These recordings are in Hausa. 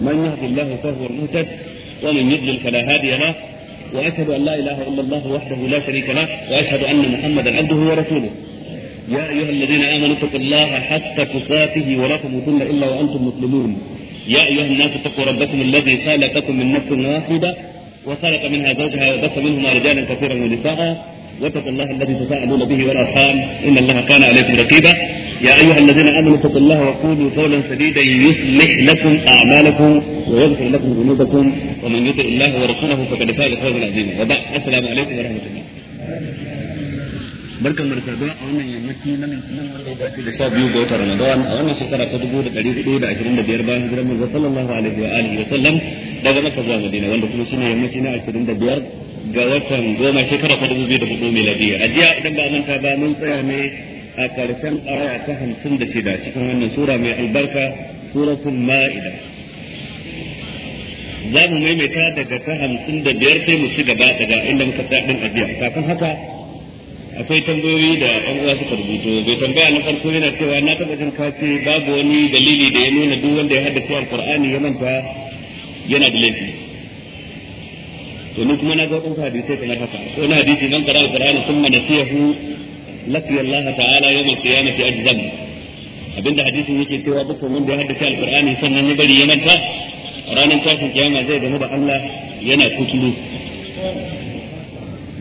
من يهد الله فهو المهتد ومن يضلل فلا هادي له واشهد ان لا اله الا الله وحده لا شريك له واشهد ان محمدا عبده ورسوله يا ايها الذين امنوا اتقوا الله حتى تقاته ولا تموتن الا وانتم مسلمون يا ايها الناس اتقوا ربكم الذي خلقكم من نفس واحده وخلق منها زوجها وبث منهما رجالا كثيرا ونساء واتقوا الله الذي تساءلون به والارحام ان الله كان عليكم رقيبا يا أيها الذين آمنوا اتقوا الله وقولوا قولا سديدا يصلح لكم أعمالكم ويغفر لكم ذنوبكم ومن يطع الله ورسوله فقد فاز فوزا عظيما السلام عليكم ورحمة الله barkan da a wannan yammaci na nan ya da biyu ga watan Ramadan a wannan shekara ta na ga watan goma shekara ta dubu a jiya idan ba ba mun tsaya ne a karshen aya ta hamsin da shida cikin wannan sura mai albarka suratul ma'ida za mu maimaita daga ta hamsin da biyar sai mu ci gaba daga inda muka sa ɗin ajiya kafin haka akwai tambayoyi da ɗan uwa suka rubuto bai tambaya na farko yana cewa na taɓa jin kace babu wani dalili da ya nuna duk wanda ya haddace alqur'ani ya manta yana da laifi to ni kuma na ga ɗan hadisi kamar haka ko na hadisi man qara'a alqur'ani thumma nasiyahu laqiya Allah ta'ala yawm al-qiyamati ajzam abinda hadisin yake cewa dukkan wanda ya haddace alqur'ani sannan ya bari ya manta ranar tashin kiyama zai gamu da Allah yana kuturu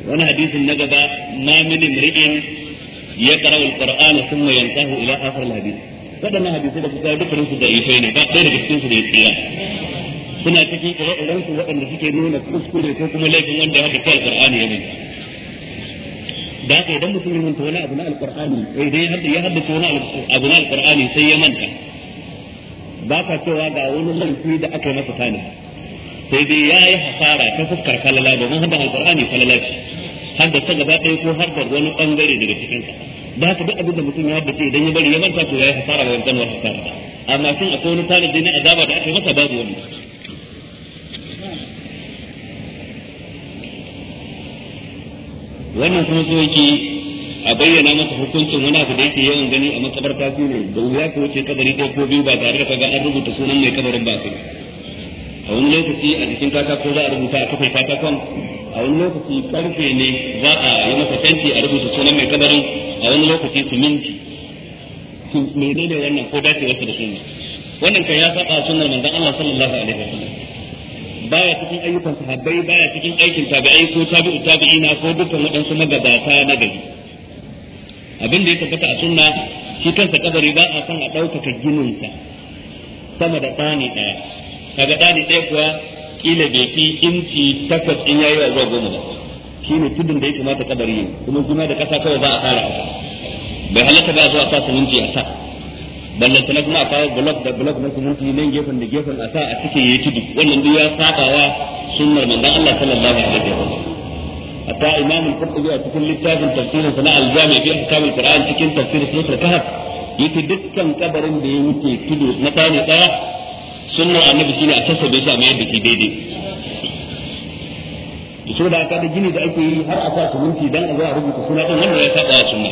wani hadisin na gaba ma min imri'in yaqra'u al-qur'ana yantahu ila akhir al-hadith wadannan hadisai da kuka dukkan su da ifai ne ba ɗaya daga cikin su da ifai suna cikin ire-iren su waɗanda suke nuna kuskure ko kuma laifin wanda ya haddace alqur'ani ya manta da haka idan mutum ya manta wani abu na alqur'ani idan eh, ya haddace wani abu na alqur'ani sai ya manta ba ka cewa ga wani laifi da aka yi masa tani sai dai ya yi hasara ta fuskar falala domin hadda alqur'ani falala ce hadda ta gaba ɗaya ko hadda wani bangare daga cikin ka da haka duk abin da mutum ya haddace idan ya bari ya manta to ya yi hasara ba wancan wani hasara amma shin akwai wani tanadi na azaba da aka yi masa babu wani wannan kuma so yake a bayyana masa hukuncin wani abu da yake yawan gani a makabarta su ne da wuya ka wuce kabari ɗaya ko biyu ba tare da kaga an rubuta sunan mai kabarin ba su a wani lokaci a jikin ko za a rubuta a kaka kan a wani lokaci karfe ne za a yi masa fenti a rubuta sunan mai kabarin a wani lokaci siminti menene wannan ko dace wasu da suna wannan kan ya saba sunan manzon Allah sallallahu alaihi wasallam baya cikin ayyukan sahabbai baya cikin aikin tabi'ai ko tabi'u tabi'ina ko dukkan waɗansu magabata na gari abin da ya tabbata a sunna shi kansa kabari ba a san a ɗaukaka gininsa sama da ɗani ɗaya kaga ɗani ɗaya kuwa kila bai fi inci takwas in yayi wa zuwa goma ba shine tudun da ya kamata kabari kuma kuma da ƙasa kawai za a fara bai halatta ba zuwa sa minti a sa ballanta na kuma a kawo blok da blok na siminti nan gefen da gefen a sa a cike yi tudu wannan duk ya sabawa sunnar manzon Allah sallallahu alaihi wasallam hatta imamu al-qurtubi a cikin littafin tafsirin sana al-jami bi ahkam al-qur'an cikin tafsir sura kahf yake dukkan kabarin da ya wuce tudu na tani daya sunnar annabi shine a kasabe shi a mayar da shi daidai so da aka da gini da ake yi har a sa siminti dan a zo a rubuta suna wannan ya sabawa sunna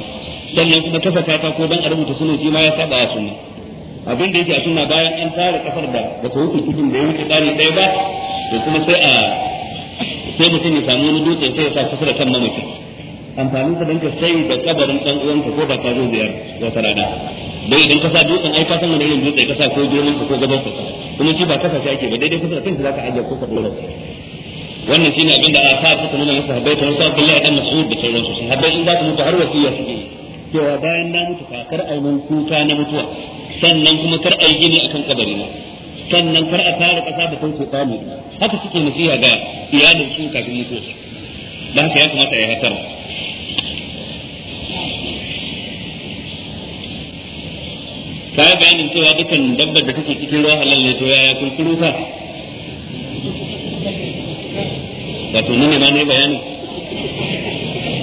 sannan kuma kasa ko dan a rubuta sunan shi ma ya saba a sunna abin da yake a sunna bayan an tsara kafar da da ko wuce cikin da ya wuce tsari ɗaya ba to kuma sai a sai mutum ya samu wani dutse sai ya sa kasar da kan mamaki amfanin sa danka sai da kabarin dan ka ko ba ka zo biyar wata rana dai idan ka sa dutsen ai ka san wani irin dutse ka sa ko ka ko gaban ka kuma shi ba kasa ake ba daidai kusa da kanka zaka ajiye ko ka dora wannan shine abin da a ta ta nuna masa habbai ta wasu abdullahi dan mas'ud da sauransu habbai in za ka mutu har wasiya suke yi cewa bayan na mutu fa kar yi mun kuka na mutuwa sannan kuma kar a yi gini kan kabari na sannan kar a tare kasa da kanku tsami haka suke nasiha ga iyalin su kafin mutuwa da haka ya kamata ya hatar ta yi bayanin cewa dukan dabbar da take cikin ruwa halal ne to yaya kulkuru fa wato ni ne ma ne bayanin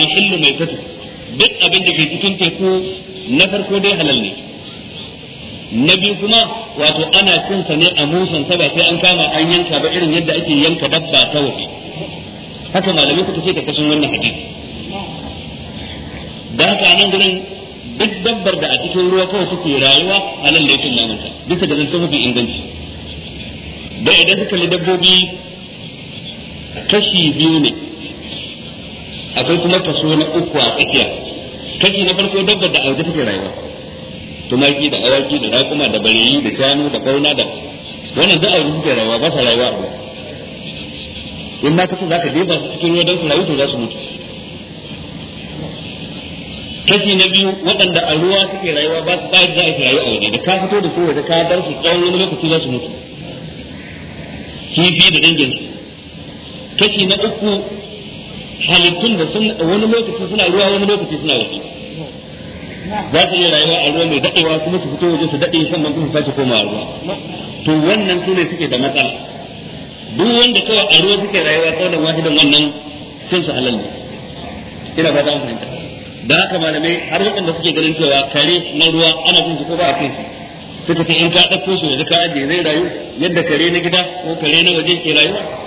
alhillu mai tatu duk abin da ke cikin teku na farko dai halal ne na biyu kuma wato ana cin sa ne a musan sa ba sai an kama an yanka ba irin yadda ake yanka dabba ta waje haka malamai suka ce ta kashin wannan hadisi da haka nan gurin duk dabbar da a cikin ruwa kawai suke rayuwa a nan laifin namanta bisa da zance mafi inganci da idan suka li dabbobi kashi biyu ne akwai kuma kaso na uku a tsakiya kashi na farko dabbar da auje take rayuwa tumaki da awaki da raƙuma da bareyi da shanu da kauna da wannan da auje take rayuwa ba sa rayuwa ba in ma kasan zaka jefa su cikin ruwa don su rayu to za su mutu kashi na biyu waɗanda a ruwa suke rayuwa ba su bayar za a rayu a waje da ka fito da su waje ka bar su tsawon wani lokaci za su mutu kifi da dangin kashi na uku halittun da wani lokaci suna ruwa wani lokaci suna wasu za su iya rayuwa a ruwa mai daɗewa kuma su fito waje su daɗe sannan kuma su sake koma ruwa to wannan su ne suke da matsala duk wanda kawai a ruwa suke rayuwa kaunan wahidan wannan sun su halal ne ina ba an fahimta da haka malamai har waɗanda suke ganin cewa kare na ruwa ana cin su ko ba a kai su suka ce in ka ɗauko su yanzu ka ajiye zai rayu yadda kare na gida ko kare na waje ke rayuwa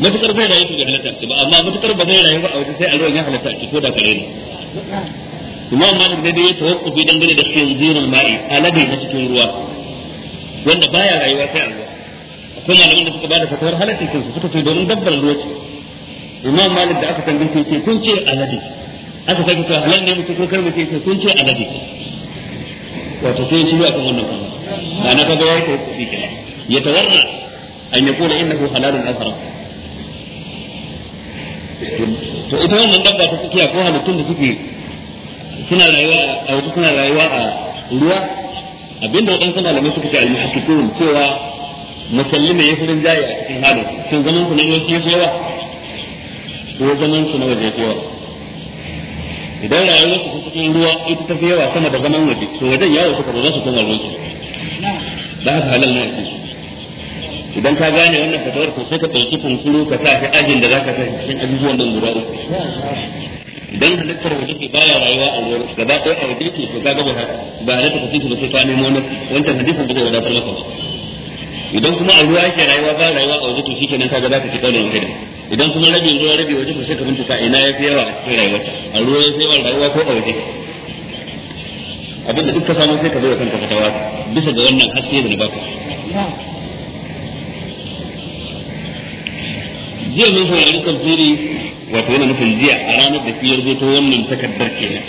matukar zai rayu ga halatta ba amma matukar ba zai rayu ba a wajen sai alwan ya halatta ce ko da kare ne amma da dai ya tawaffufi dangane da zirin ma'i alade na cikin ruwa wanda baya rayuwa sai alwa akwai malamin da suka bada fatawar halatta kin su suka ce domin dabbar ruwa ce imam malik da aka tambaye ce kun ce alade aka sake cewa halal ne mutum ko kar mu ce kun ce alade wato sai shi akan wannan kuma ba na kaga ya tawaffufi kenan yatawarra an yakuna innahu halalun azhar to ita wannan dabba ta tsakiya ko halittun da suke suna rayuwa a wasu suna rayuwa a ruwa abinda waɗansu malamai suka ce al-muhakkikun cewa musallima ya furin jaye a cikin halin sun zaman su na yoshi ya yawa ko zaman su na waje ya yawa idan rayuwar su cikin ruwa ita ta fi yawa sama da zaman waje to wajen yawo suka ba za su koma ruwan su ba haka halal na ce su idan ka gane wannan fatawar to sai ka ɗauki kunsuru ka sa shi ajin da za ka sa cikin abubuwan nan guda uku idan halittar waje ke baya rayuwa a wurin gaba ɗaya a waje ke to ka ga ba halitta ka cikin ba sai ka nemo na wancan hadisin da zai wadatar maka ba idan kuma a ruwa ke rayuwa ba rayuwa a waje to shikenan ka ga za ka ci kaulin kai idan kuma rabin ruwa rabi waje to sai ka bincika ina ya fi yawa a cikin rayuwa a ruwa ya fi yawa rayuwa ko a waje abinda duk ka samu sai ka zo da kanka fatawa bisa ga wannan haske da na baka jiya mun saurari tafsiri wato yana nufin jiya a ranar da shi ya rubuto wannan takardar kenan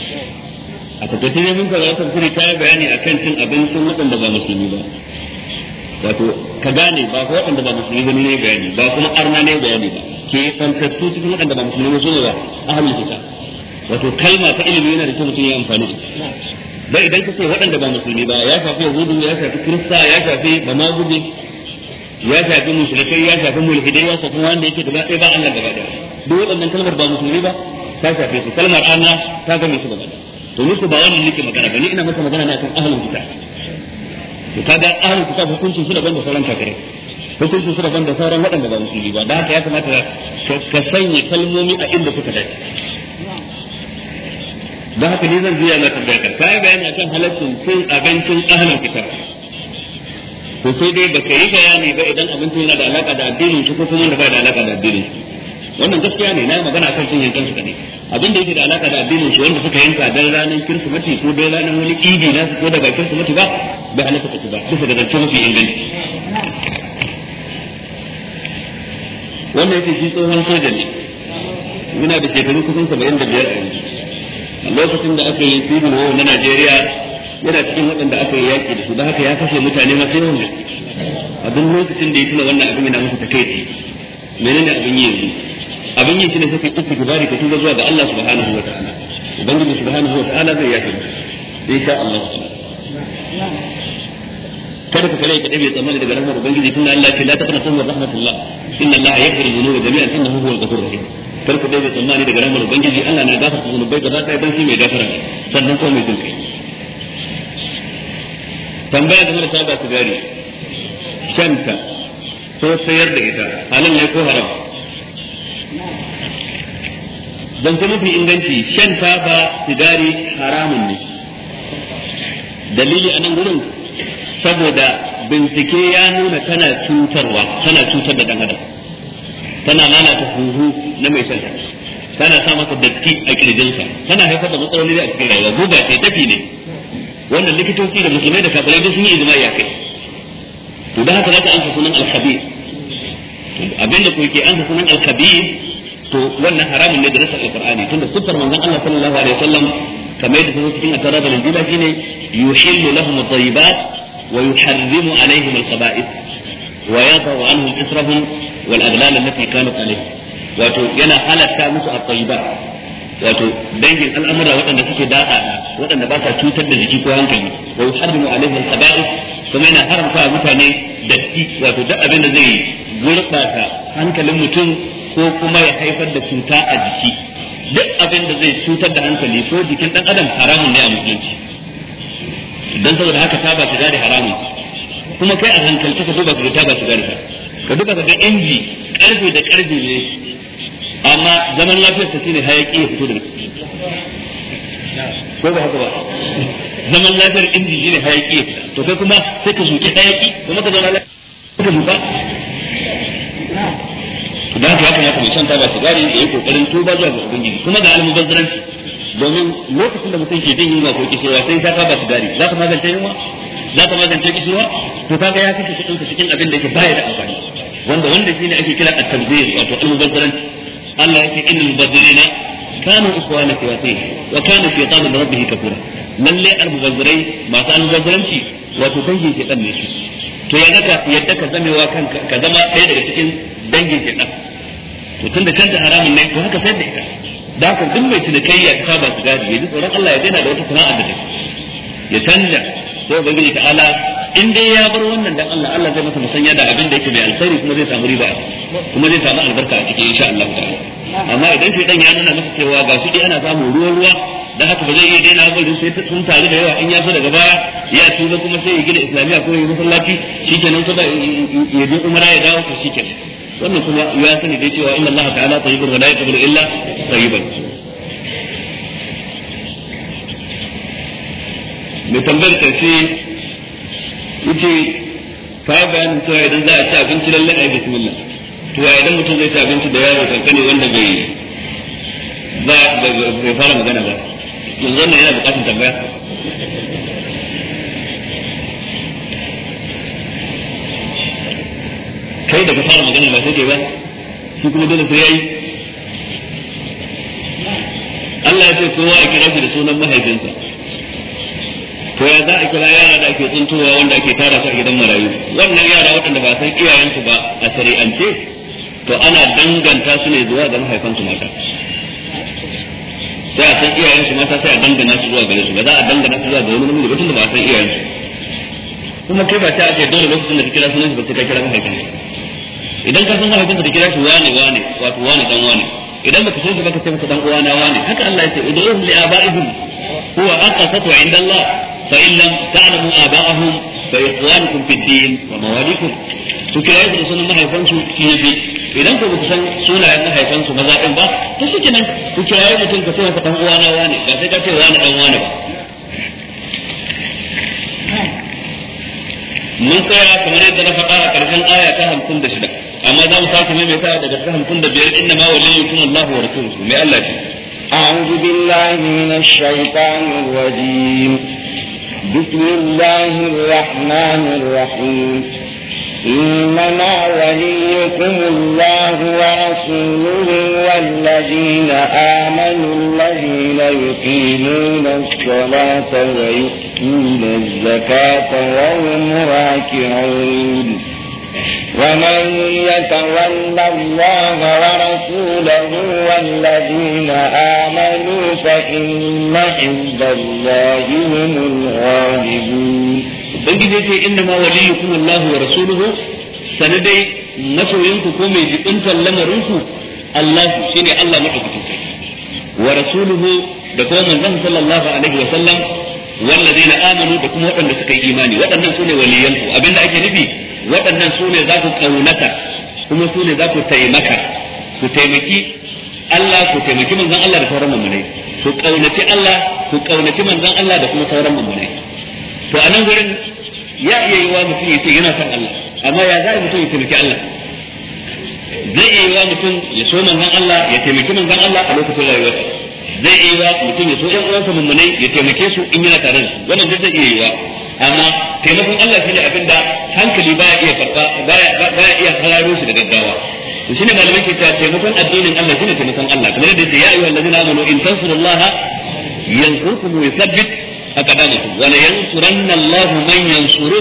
a takardar ne mun saurari tafsiri ta yi bayani a kan cin abincin waɗanda ba musulmi ba wato ka gane ba ku waɗanda ba musulmi ba ne bayani ba kuma arna ne bayani ba ke fantattu cikin waɗanda ba musulmi su ne ba hannun kitab wato kalma ta ilimi yana da kyau mutum ya amfani da ita idan ka ce waɗanda ba musulmi ba ya shafi yahudu ya shafi kirista ya shafi bamaguje ya shafi musulmai ya shafi mulhidai ya shafi wanda yake gaba ɗaya ba Allah gaba ɗaya duk waɗannan kalmar ba musulmi ba ta shafe su kalmar ana ta gane su gaba ɗaya to musu ba wannan nake magana ba ni ina maka magana ne akan ahlul kitab to kaga ahlul kitab hukuncin su daban da sauran kafirai hukuncin su daban da sauran waɗanda ba musulmi ba da haka ya kamata ka sanya kalmomi a inda suka dace da haka ne zan zuya na tambayar ka kai bayani akan halaccin cin abincin ahlul kitab to sai dai baka yi bayani ba idan abinci yana da alaka da addinin shi ko kuma wanda ba da alaka da addinin shi wannan gaskiya ne na magana kan cin yankan su kadai abin da yake da alaka da addinin shi wanda suka yanka dan ranar kirsimati ko dan ranar wani idi na su ko daga kirsimati ba bai halaka su ba bisa ga zance mafi inganci wannan yake shi tsohon soja ne muna da shekaru kusan saba'in da biyar a yanzu a lokacin da aka yi civil war na Najeriya yana cikin waɗanda aka yi yaƙi da su don haka ya kashe mutane masu yawan gaske a duk lokacin da ya tuna wannan abin yana masa takaici menene abin yi yanzu abin yi shine sai ka gibari ka tuba zuwa ga Allah subhanahu wa ta'ala ubangiji subhanahu wa ta'ala zai yaƙi insha Allah kada ka kare ka dabe tsammani daga rahmar ubangiji tunda Allah ce la ta taqnatu min rahmatullah inna Allah yaghfiru dhunuba jami'an innahu huwal ghafurur rahim kar ku dabe tsammani daga rahmar ubangiji Allah na gafarta zunubai gaba ɗaya dan shi mai gafara sannan ko mai jinkai tambaya game da taba sigari shanta ko sayar da ita halin ne ko haram dan ta mafi inganci shan ba sigari haramun ne dalili anan nan gurin saboda bincike ya nuna tana cutarwa tana cutar da dan tana lalata huhu na mai shanta tana sa masa datti a kirjinsa tana haifar da matsaloli a cikin rayuwa Gobe, ce tafi ne wannan likitoci da musulmai da kafirai duk sun yi ijma'i akai to da haka za ka ansa sunan al-khabir abinda ko yake ansa sunan al-khabir to wannan haramun ne da nasa al-qur'ani tunda sifar manzon Allah sallallahu alaihi wasallam kamar yadda sun cikin at-tarab al-injila shine yuhillu lahum at-tayyibat wa yuharrimu alaihim al-khaba'ith wa yadhu anhum israhum wal aghlal allati kanat alaihim wato yana halatta musu at-tayyibat wato dangin al'amura waɗanda suke da'a waɗanda ba sa cutar da jiki ko hankali wa yuharrimu alaihi al-khaba'ith kuma yana haramta mutane datti wato duk abin da zai gurɓata hankalin mutum ko kuma ya haifar da cuta a jiki duk abin da zai cutar da hankali ko jikin dan adam haramun ne a musulunci dan saboda haka ta ba shiga da haramun kuma kai a hankali ka duba ka ta ba shiga da ka duba ka ga inji karfe da karfe ne amma zaman lafiyarsa shine hayaki ya fito daga ciki ko ba haka ba zaman lafiyar inji shine hayaki ya fita to kai kuma sai ka zuke hayaki kuma ka zauna lafiya ka zuka da haka ya kamata mai shan taba sigari da ya kokarin tuba zuwa ga ubangiji kuma da almubazzaranci domin lokacin da mutum ke jin yunwa ko kishewa sai ta taba sigari za ka magance yunwa za ka magance kishewa to kaga ya kashe kudin cikin abin da ke baya da amfani wanda wanda shine ake kira at-tabzir wato almubazzaranci Allah yake innal mubazzirina kanu ikhwana shayatin wa kana shaytanu li rabbih kafura lalle almubazzirai masu almubazziranci wato dangin shaytan ne su to ya naka yadda ka zamewa kanka ka zama ɗaya daga cikin dangin shaytan to da canza haramun ne to haka sai da ita da haka duk mai cinikayya ta saba su gadi ya ji tsoron Allah ya daina da wata sana'a da ya canja sai ubangiji ta'ala in dai ya bar wannan dan Allah Allah zai masa musanya da abin da yake mai alkhairi kuma zai samu riba a ciki. kuma zai samu albarka a cikin insha Allah ta'ala amma idan dan ya nuna masa cewa ga su ana samu ruwa ruwa dan haka ba zai iya daina gurin sai sun tare da yawa in ya so daga baya ya ba kuma sai ya gina islamiya ko ya masallaci shikenan da ya je umara ya dawo to shikenan wannan kuma ya sani dai cewa inna Allah ta'ala tayyibun wa la yaqbalu illa tayyiban mai tambayar karshe yace fa bayanin cewa idan za a ci abinci lallai a yi bismillah to ya idan mutum zai ci abinci da yaro kankani wanda bai ba bai fara magana ba yanzu wannan yana bukatun tambaya kai da ka fara magana ba sai ke ba shi kuma dole sai yayi Allah ya ce kowa a kira shi da sunan mahaifinsa to ya za a kira yara da ake tsuntowa wanda ake tara su a gidan marayu wannan yara waɗanda ba san iyayensu ba a shari'ance to ana danganta su ne zuwa ga su mata sai a san iyayen su mata sai a dangana su zuwa gare su ba za a dangana su zuwa ga wani namiji ba tunda ba a san iyayen su kuma kai ba ta ake dole lokacin da ka kira sunan ba sai ka kira mahaifin idan ka san mahaifin ka kira shi wane wane wato wane dan wane idan ba ka san shi ka ce masa dan uwa na wane haka Allah ya ce ud'uhum li abaihim huwa aqsatu 'inda Allah fa in lam ta'lamu abaahum fa ikhwanukum fid din wa mawalikum to kira su sunan mahaifin su ne idan ka ku san sunayen mahaifan su maza ɗin ba ta suke nan ku kiraye mutum ka sai ka dan uwana wani ba sai ka ce wani dan wani ba mun tsaya kamar yadda na faɗa a ƙarshen aya ta hamsin da shida amma za mu sake maimaita daga ta hamsin da biyar inna ma waliyukum Allah wa rasuluhu mai Allah ce أعوذ بالله من الشيطان الرجيم بسم الله الرحمن الرحيم إنما وليكم الله ورسوله والذين آمنوا الذين يقيمون الصلاة ويؤتون الزكاة وهم راكعون ومن يتول الله ورسوله والذين آمنوا فإن حزب الله هم الغالبون ubangiji ya ce inna ma waliyukum Allah wa rasuluhu sanadai masoyinku ko mai jibintar lamarinku Allah shine Allah madaukakin sarki wa rasuluhu da kuma manzon sallallahu alaihi wa sallam wallazina amanu da kuma waɗanda suka yi imani waɗannan sune waliyanku abinda ake nufi waɗannan sune za ku kaunata kuma sune za ku taimaka ku taimaki Allah ku taimaki manzon Allah da sauran mummunai ku kaunaci Allah ku kaunaci manzon Allah da kuma sauran mummunai to a nan gurin ya iya yi wa mutum ya ce yana son Allah amma ya zai mutum ya taimaki Allah zai iya yi wa mutum ya so manzon Allah ya taimaki manzon Allah a lokacin rayuwarsa zai iya yi wa mutum ya so ƴan uwansa mummunai ya taimake su in yana tare da su wannan duk zai iya yi wa amma taimakon Allah shi ne abinda hankali baya iya farfa baya iya hararo shi da gaggawa to shine malamai ke cewa taimakon addinin Allah shine taimakon Allah kamar yadda ya yi ayyuhal ladina amanu in tansurullaha yansurkum wa yuthabbit haka da mutum wala na Allahu man yansuru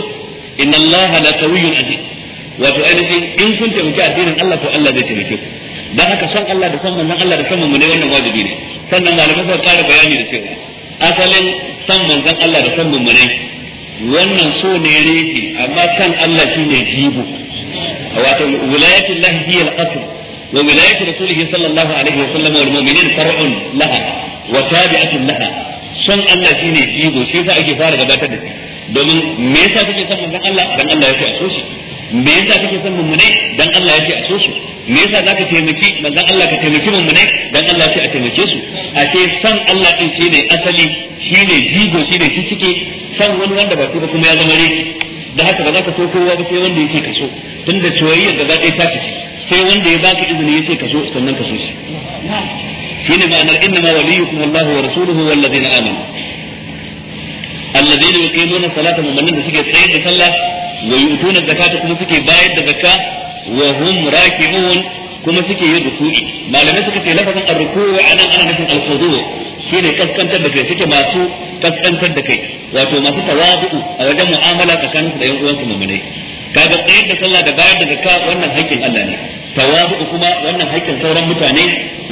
inna Allaha la qawiyyun aziz wato ainihin in kun taimaki addinin Allah to Allah zai taimake ku dan haka san Allah da san manzon Allah da san mu ne wannan wajibi ne sannan malamai suka ƙara bayani da cewa asalin san manzon Allah da san mu ne wannan so ne refi amma san Allah shine jibu wato wilayatul lahi hiya al-asl wa wilayatu rasulihi sallallahu alaihi wa sallam wal mu'minin far'un laha wa tabi'atun laha san Allah shi ne shi yasa ake fara gabatar da shi domin me yasa kake son manzon Allah dan Allah ya ce a so shi me yasa kake son mummunai dan Allah ya ce a so me yasa zaka taimaki manzon Allah ka taimaki mummunai dan Allah ya ce a taimake su a ce san Allah din ne asali ne jigo shine shi suke san wani wanda ba su ba kuma ya zama ne da haka ba za ka so kowa ba sai wanda yake kaso tunda soyayya gaba ɗaya ta ciki sai wanda ya baka izini yace so sannan ka so shi shine ma'anar inda ma waliyukum Allah wa rasuluhu wal ladina amanu alladina yuqimuna salata mu'minin da suke tsayar da sallah wa yutuna zakata kuma suke bayar da zakka wa hum raki'un kuma suke yin ruku'i malamai suka ce lafazin ar-ruku'u anan ana nufin al-khudu' shine kaskantar da kai suke masu kaskantar da kai wato masu tawadu'u a wajen mu'amala tsakaninsu da yan uwansu mu'minai tsayar da sallah da bayar da zakka wannan haƙƙin Allah ne tawadu kuma wannan haƙƙin sauran mutane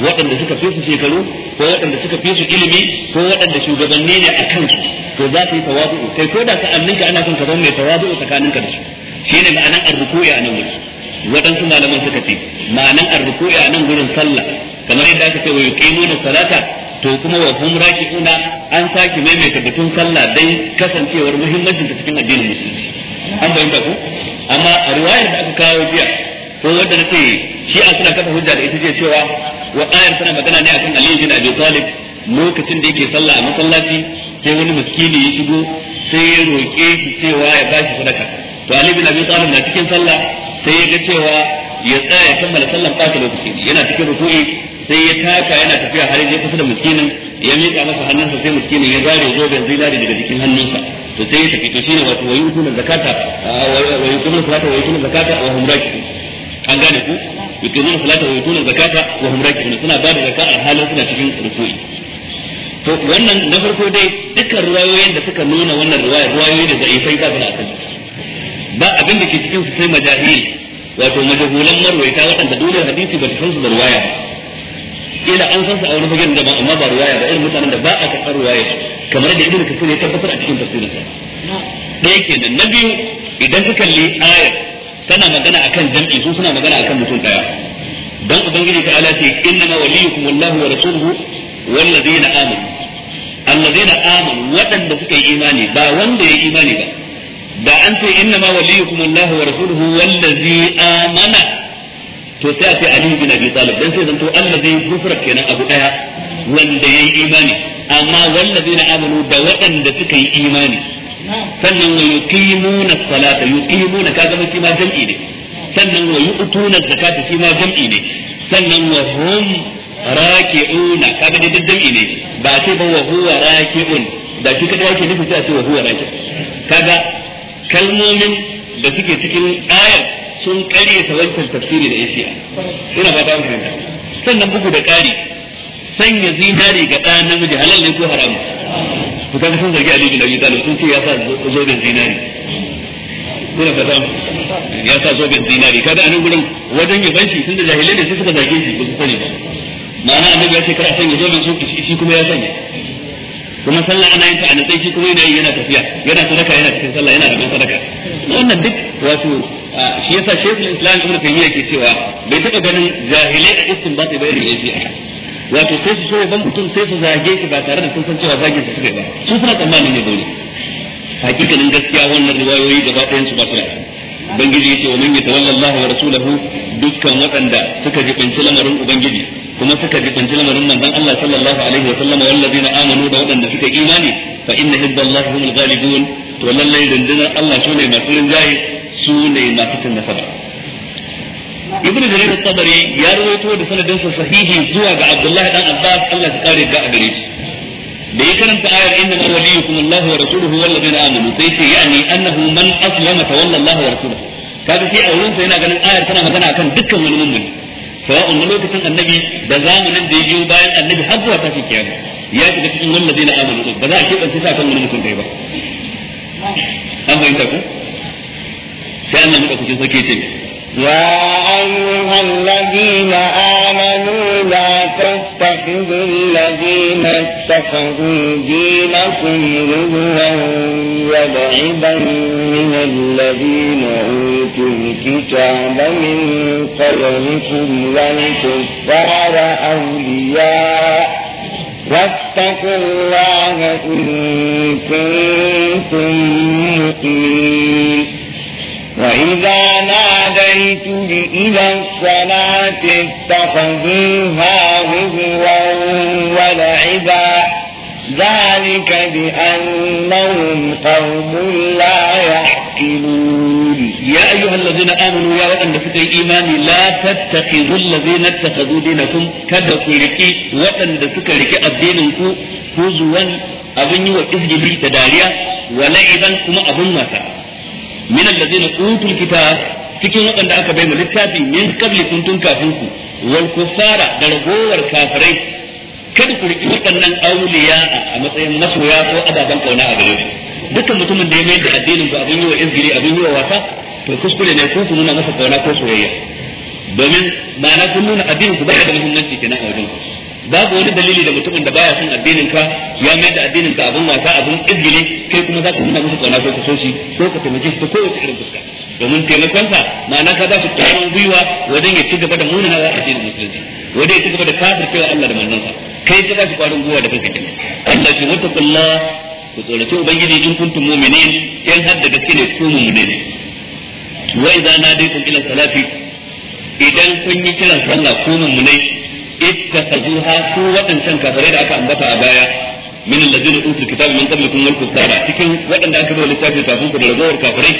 waɗanda suka fi su shekaru ko waɗanda suka fi su ilimi ko waɗanda shugabanni ne a kansu to za su yi tawadu kai ko da ka sa'anninka ana son ka zama mai tawadu ka da su shine ma'anan arruku'i a nan wuri waɗansu malaman suka ce ma'anan arruku'i a nan gurin sallah kamar yadda aka ce wa nuna salata to kuma wa hum raki'una an sake maimaita batun sallah dai kasancewar muhimmancin ta cikin addinin musulunci an bayyana ku amma a riwayar da aka kawo jiya ko wanda na ce shi a suna kafa hujja da ita ce cewa wa ayar tana magana ne akan Aliyu bin Abi Talib lokacin da yake sallah a masallaci sai wani miskini ya shigo sai ya roƙe shi cewa ya ba shi sadaka to Ali bin Abi Talib na cikin sallah sai ya ga cewa ya tsaya ya kammala sallan ɓata lokaci yana cikin ruku'i sai ya taka yana tafiya har ya kusa da miskinin ya miƙa masa hannunsa sai miskinin ya zare zoben zinari daga jikin hannunsa to sai ya tafi to shine wato wayu kuna zakata wayu kuna zakata wa hum zakata. an gane ku yuqimuna salata wa yutuna zakata wa hum raki'un suna ba da a halin suna cikin ruku'i to wannan na farko dai dukkan ruwayoyin da suka nuna wannan ruwaya ruwayoyi da zaifai ba suna akan ba abin da ke cikin su sai majahil wato majahulan marwaita waɗanda dole hadisi ba ta san su da ruwaya ila an san su a wani fagen ba amma ba ruwaya ba irin mutanen da ba a karɓar ruwaya kamar da ibnu kasir ya tabbatar a cikin tafsirinsa ɗaya kenan na biyu idan ka kalli ayat tana magana akan jam'i su suna magana akan mutum daya dan ubangiji ta ala ce innama waliyukum wallahu wa rasuluhu wallazina amanu allazina amanu wadanda suka yi imani ba wanda ya imani ba da an ce innama waliyukum wallahu wa rasuluhu wallazi amana to sai a ce ali bin abi talib dan sai zanto allazi gufrat kenan abu daya wanda ya yi imani amma wallazina amanu da wadanda suka yi imani sannan wa yuqimuna as-salata yuqimuna kaga ba shi ma jam'i ne sannan wa yu'tuna zakata shi ma jam'i ne sannan wa hum raki'una kaga da duk jam'i ne ba sai ba wa huwa raki'un da shi kada yake nufi sai wa huwa raki'un kaga kalmomin da suke cikin ayar sun ta wancan tafsiri da yake ina ba ta fahimta sannan bugu da ƙari sanya zinari ga ɗan namiji halal ne ko haram to kaga sun zargi Ali bin Abi Talib sun ce ya sa zoben zinari kuna fata ya sa zoben zinari kaga anan gurin wajen yaban shi tunda jahilai ne sai suka zage shi ko su sani ba ma'ana annabi ya ce kar a sanya zoben su shi kuma ya sanya kuma sallah ana yin ta a natsai shi kuma yana yi yana tafiya yana sadaka yana cikin sallah yana da sadaka wannan duk wato shi yasa shekul islam ibn taymiya ke cewa bai taba ganin jahilai a istinbat ba irin yaji wato sai su so ban mutum sai su zage shi ba tare da sun san cewa zage su suka ba su suna tsammanin ne dole hakikanin gaskiya wannan riwayoyi gaba ɗayan su ba su da ubangiji yace wa man yatawalla Allah wa rasulahu dukkan waɗanda suka bincin lamarin ubangiji kuma suka bincin lamarin manzon Allah sallallahu alaihi wa sallam ladina amanu da waɗanda suka imani fa inna hibballahi humul ghalibun to lallai dandunar Allah sune masu rinjaye su ne masu tun ibnu jarir al-tabari ya rawaito da sanadin sa sahihi zuwa ga abdullah dan abbas Allah ya kare ga gare shi da ya karanta ayar inna waliyukum Allah wa rasuluhu wal ladina amanu sai ce yani annahu man aslama tawalla Allah wa rasuluhu kaga sai a wurin sa yana ganin ayar tana magana akan dukkan wani mummuni sawa'un na lokacin annabi da zamanin da ya biyo bayan annabi har zuwa tafi kiyama ya shiga cikin wannan ladina amanu ba za a kebance sa kan wani mutum kai ba an fahimta ku sai annabi da kuke sake ce يا أيها الذين آمنوا لا تتخذوا الذين اتخذوا دينكم رهوا وبعدا من الذين أوتوا الكتاب من قبلكم والكفار أولياء واتقوا الله إن كنتم مؤمنين وإذا ناديتم إلى الصلاة اتخذوها هزوا ولعبا ذلك بأنهم قوم لا يحكمون يا أيها الذين آمنوا يا وأن في الإيمان لا تتخذوا الذين اتخذوا دينكم كدكوا لك وأن لك الدينكم هزوا وإذن وإذجبي تداريا ولعبا كما أبن وتعالى min allazina utul kitab cikin waɗanda aka bai mu littafi min qabli kuntum kafin ku wal kufara da ragowar kafirai kada ku riki waɗannan auliya a matsayin masoya ko ababen kauna a gare ku dukkan mutumin da ya mayar da addinin ba abin yi wa izgiri abin yi wa wasa to kuskure ne ku nuna masa kauna ko soyayya domin ma'ana kun nuna addinin ku ba da muhimmanci kenan a wajen ku babu wani dalili da mutumin da baya son addinin ka ya mai da addinin ka abin wasa abin izgile kai kuma za ka nuna musu kauna ko ka so shi ko ka taimake shi ta kowace irin fuska domin taimakonsa ma'ana ka za su ƙwarin gwiwa wajen ya ci gaba da munana za a cikin musulunci wajen ya ci gaba da kafircewa Allah da sa kai ka za su ƙwarin gwiwa da kanka kenan Allah ce wattaqullah ku tsorace ubangiji in kuntum mu'minin in har da gaske ne ku mu'mine ne wa idza nadaytum ila salati idan kun yi kiran sallah ku mu'minin ittakhadhuha su wadancan kafirai da aka ambata a baya min allazina utul kitaba min qablikum wal kuffara cikin wadanda aka zo littafi kafin ku da ragowar kafirai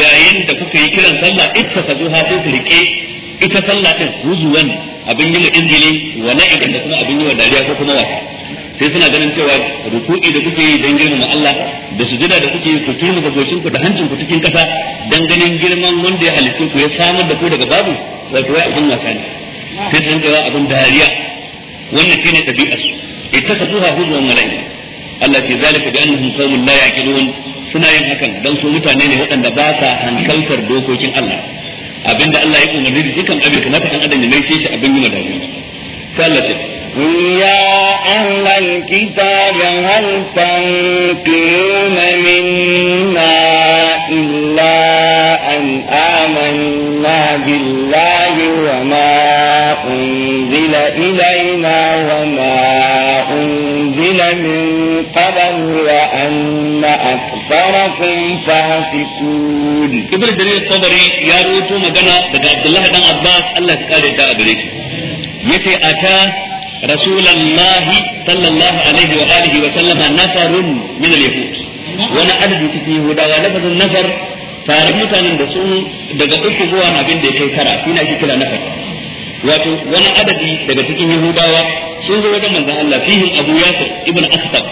yayin da kuka yi kiran sallah ittakhadhuha sai su rike ita sallah din huzuwan abin yi injili wa na'idan da kuma abin yi wa dariya ko kuma wata sai suna ganin cewa ruku'i da kuke yi dan girmama Allah da sujada da kuke yi ku turmu da goshinku da hancinku cikin kasa dan ganin girman wanda ya halitta ku ya samar da ku daga babu wato wai abin wasa ne sai dan jawa abin dariya wannan shine tabi'ar su ittakhadhuha zuwa wa la'ib Allah ce zalika bi annahum qaumun la yaqilun suna yin hakan dan su mutane ne waɗanda ba sa hankaltar dokokin Allah abinda Allah ya umarni da dukan abin kamata an adam ya mai shi abin yi madariya sai Allah ce يا أهل الكتاب هل تنقمون منا إلا أن amanu. آمنا بالله وما أنزل إلينا وما أنزل من قبل وأن أكثركم فاسقون ابن جرير الطبري يا روتو مجانا بقى عبد الله بن عباس الله تقال دا أبريك يتي أتى رسول الله صلى الله عليه وآله وسلم نفر من اليهود وانا أدري في يهودا ولفظ النفر tarin mutanen da sun daga uku zuwa abin da ya kai tara shi na shi kira nafar wato wani adadi daga cikin yahudawa sun zo wajen manzon Allah fihim abu yasir ibn asfar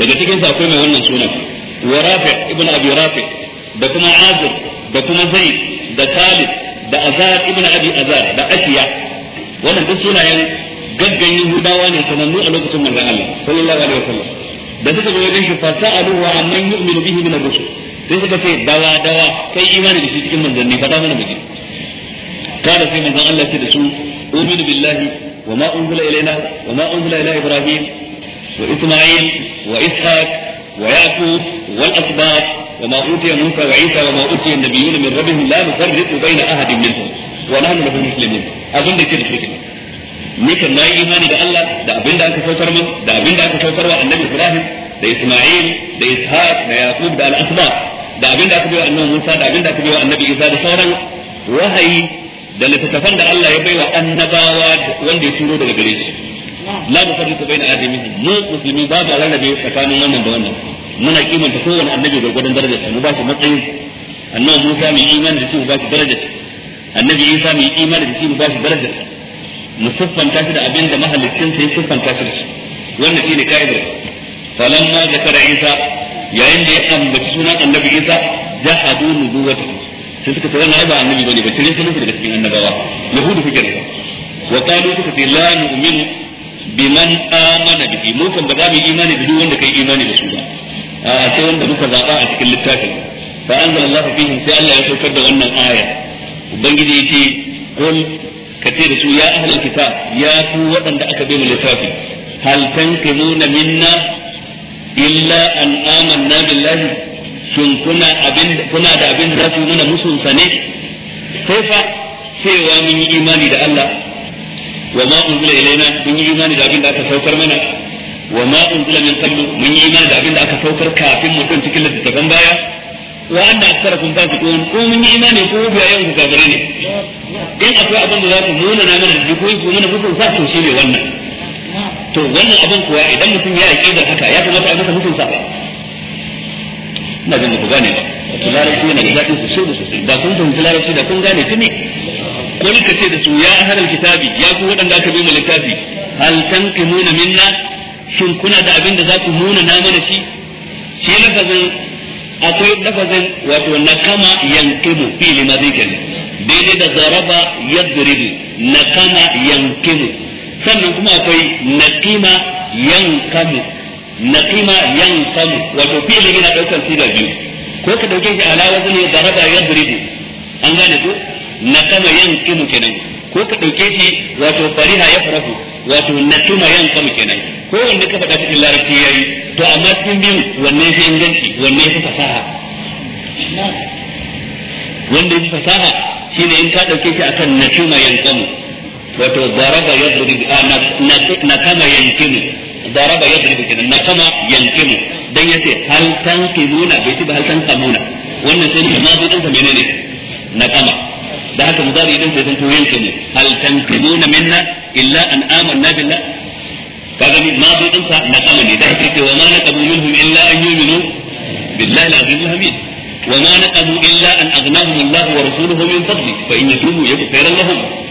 daga cikin sa akwai mai wannan sunan wa rafi ibn abi rafi da kuma azir da kuma zaid da khalid da azar ibn abi azar da Asiya. wannan duk sunayen gaggan yahudawa ne sanannu a lokacin manzon Allah sallallahu alaihi wasallam da suka zo wajen shi fasaluhu amman yu'minu bihi min ar-rusul sai suka ce dawa dawa kai imani da shi cikin manzanni fada mana miji kada sai manzon Allah ce da su uminu billahi wa ma unzila ilaina wa ma unzila ila ibrahim wa isma'il wa ishaq wa yaqub wal asbat wa ma utiya musa wa isa wa ma utiya an-nabiyyun min rabbihim la nufarriqu baina ahadin minhum wa nahnu lahu muslimun abinda ke da shi ni kan nayi imani da Allah da abinda aka saukar min da abinda aka saukar wa annabi ibrahim da isma'il da ishaq da yaqub da al-asbat da abin da aka biyo annabi Musa da abin da aka biyo annabi Isa da sauran wahayi da littattafan da Allah ya bai wa annabawa wanda ya turo daga gare shi la nufarriqu baina adamihi mu musulmi babu rarrabe tsakanin wannan da wannan muna kimanta kowane annabi gurgurdan darajar sa mu ba shi matsayin annabi Musa mai imani da shi mu ba shi darajar annabi Isa mai imani da shi mu ba shi darajar mu siffanta shi da abin da mahaliccinsa ya siffanta shi shi wannan shine kaidar falamma zakara Isa yayin da ya ambaci sunan annabi isa jahadu nubuwata sai suka ce wannan ba annabi bane ba cire sunan daga cikin annabawa yahudu suke da wa qalu suka ce la nu'minu biman amana bihi mu kan ba za mu imani da duk wanda kai imani da su ba a sai wanda muka zaba a cikin littafin fa anzalallahu fihim sai Allah ya saukar da wannan aya ubangiji yace qul ka ce da su ya ahlul kitab ya ku waɗanda aka bai mu littafi hal tankimuna minna illa an amanna billahi shin kuna abin kuna da abin da su nuna musun sane sai fa cewa yi imani da Allah wa ma unzila ilaina yi imani da abin aka saukar mana wa ma unzila min qablu mun yi imani da abin aka saukar kafin mu don cikin littattafan baya wa anna aktharakum fasiqun ko mun yi imani ko ba in akwai abin da za ku nuna na mana da ku sa to shi ne wannan to wannan abin kuwa idan mutum ya yi da haka ya kamata a masa musun sa ina ganin ku gane ba wato larabci yana da daɗi sosai da sosai da kun fahimci larabci da kun gane tuni kul ka ce da su ya ahlal kitabi ya ku waɗanda aka bi mu littafi hal tanqimuna minna shin kuna da abin da za ku nuna na mana shi shi lafazin akwai lafazin wato nakama yankimu fi limadhi kenan daidai da zaraba yadribu nakama yankimu sannan kuma akwai naqima yanqamu naqima kamu wato da yana daukan da biyu ko ka dauke shi ala wazni daraba yadribu an gane ko naqama yanqimu kenan ko ka dauke shi wato fariha farahu wato yan yanqamu kenan ko wanda ka faɗa cikin larabci yayi to amma cikin biyu wanne fi inganci wanne fi fasaha wanda fi fasaha shine in ka dauke shi akan yan kamu. wato daraba yadrib na kama yankimu daraba yadrib kenan na kama yankimu dan yace hal tanqimuna bai ce ba hal tanqamuna wannan sai da mazi din sa menene na kama da haka mudari idan sai san to yankimu hal tanqimuna minna illa an amanna billah kaga ni mazi din sa na kama ne da haka ce wa ma naqabu minhum illa an yu'minu billahi al-azim al-hamid وما نقموا إلا أن أغناهم الله ورسوله من فضله فإن يتوبوا يكن خيرا لهم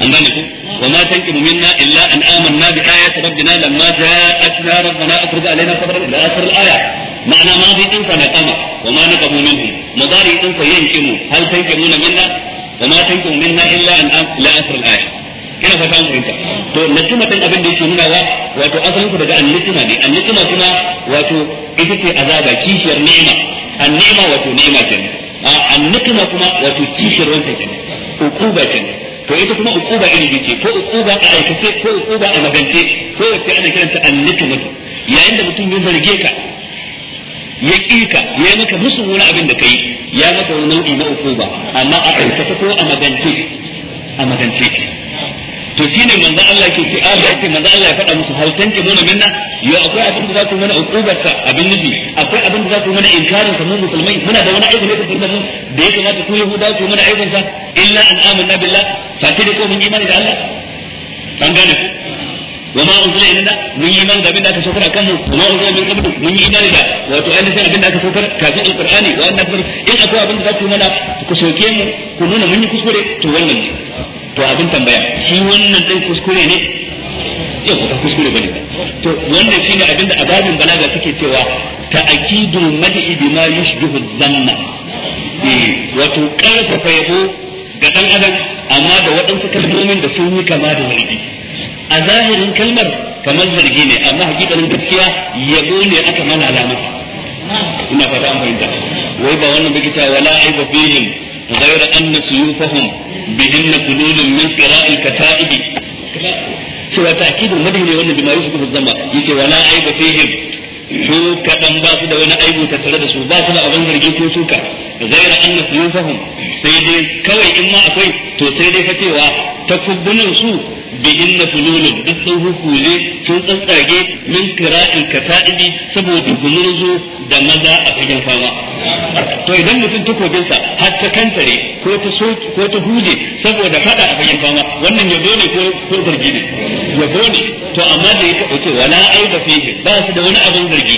an gane ku wa ma tanqimu minna illa an amanna bi ayati rabbina lamma ja'atna rabbana afrij alaina sabran ila akhir al-aya ma'ana madi din fa kama wa ma naqamu minhu mudari din fa yanqimu hal tanqimuna minna wa ma tanqimu minna illa an ila akhir al-aya ina fata mun fahimta to nasima din abin da yake nuna wa wato asalin ku daga annisima ne annisima kuma wato ita ce azaba kishiyar ni'ima annima wato ni'ima kenan annisima kuma wato kishiyar wanta kenan hukuma kenan to ita kuma uquba ilimi ce ko uquba a aikace ko uquba a magance ko wacce ana kiranta mutum yayin da mutum ya zarge ka ya kika ya maka musu wani abin da kai ya maka wani nau'i na uquba amma a aikace ko a magance a magance to shi ne manzan Allah ke ce ah ce manzan Allah ya faɗa musu halittar ke nuna minna yau akwai abin da za ku mana ukubarsa abin nufi akwai abin da za ku mana inkarin sa mun musulmai muna da wani aikin da kuke da mu da ya kamata ku Yahudawa ku mana aikin sa illa an amanna billah fa ke da ko mun imani da Allah kan gane ku wa ma unzila ilayna mun iman da abin da aka saukar akan mu wa ma unzila min qablu mun yi imani da wato an san abin da aka saukar kafin alqur'ani wa annabi in akwai abin da za ku mana ku sauke mu ku nuna mun yi kuskure to wannan ne to abin tambaya shi wannan din kuskure ne ya kuka kuskure bane to wannan shine abinda azabin balaga suke cewa ta akidu mad'i bima yushbihu zanna. eh wato karfafa yabo ga dan adam amma da waɗansu kalmomin da sun yi kama da zargi a zahirin kalmar kamar zargi ne amma hakikanin gaskiya yabo ne aka mana masa ina fata an fahimta wai ba wannan bikita wala aiba fihim غير أن سيوفهم بهن قلول من قراء الكتائب cewa ta'kidul madhi ne wannan bima yusufu zama yake wala aiba fihim su kadan ba su da wani aibu tattare da su ba su da abin zargi ko suka zaira anna suyufahum sai dai kawai in ma akwai to sai dai fa cewa takubbunin su bihinna fununun duk sun hukule sun tsatsage min kira'il kata'ibi saboda gumurzu da maza a fagen fama to idan mutum takobinsa har ta kantare ko ta ko ta huje saboda fada a fagen fama wannan yabo ne ko ko zargi ne yabo ne to amma da ya taɓa cewa la aiba fihi ba su da wani abin zargi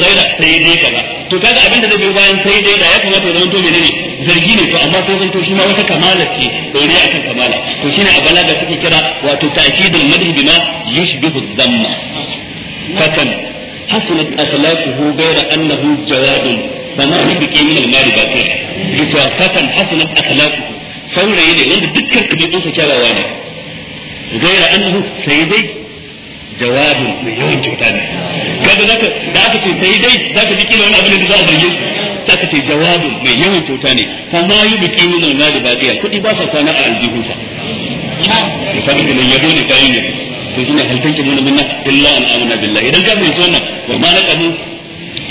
zaira sai dai kaza to kaga abin da zai bayan sai dai da ya kamata ya zama to menene zargi ne to amma sai zanto shi ma wata kamala ce doriya akan kamala to shine a balaga take kira wato ta'kidul madhi bima yushbihu dhamma fakan hasanat akhlaquhu ghayra annahu jawadun fama hu bi min al-mali bakir bisa fakan hasanat akhlaquhu saurayi ne wanda dukkan sa kyawawa ne ghayra annahu sai jawadun mai yawan kyauta ne kaga zaka da aka ce sai zaka ji kila wani abin da za a zarge su sai ka ce jawabin mai yawan kyauta ne fa ma yi biki min almali ba sa kwana a aljihunsa ya sabu da yabo ne kayan ne to mun minna illa an amana billah idan ka wa ma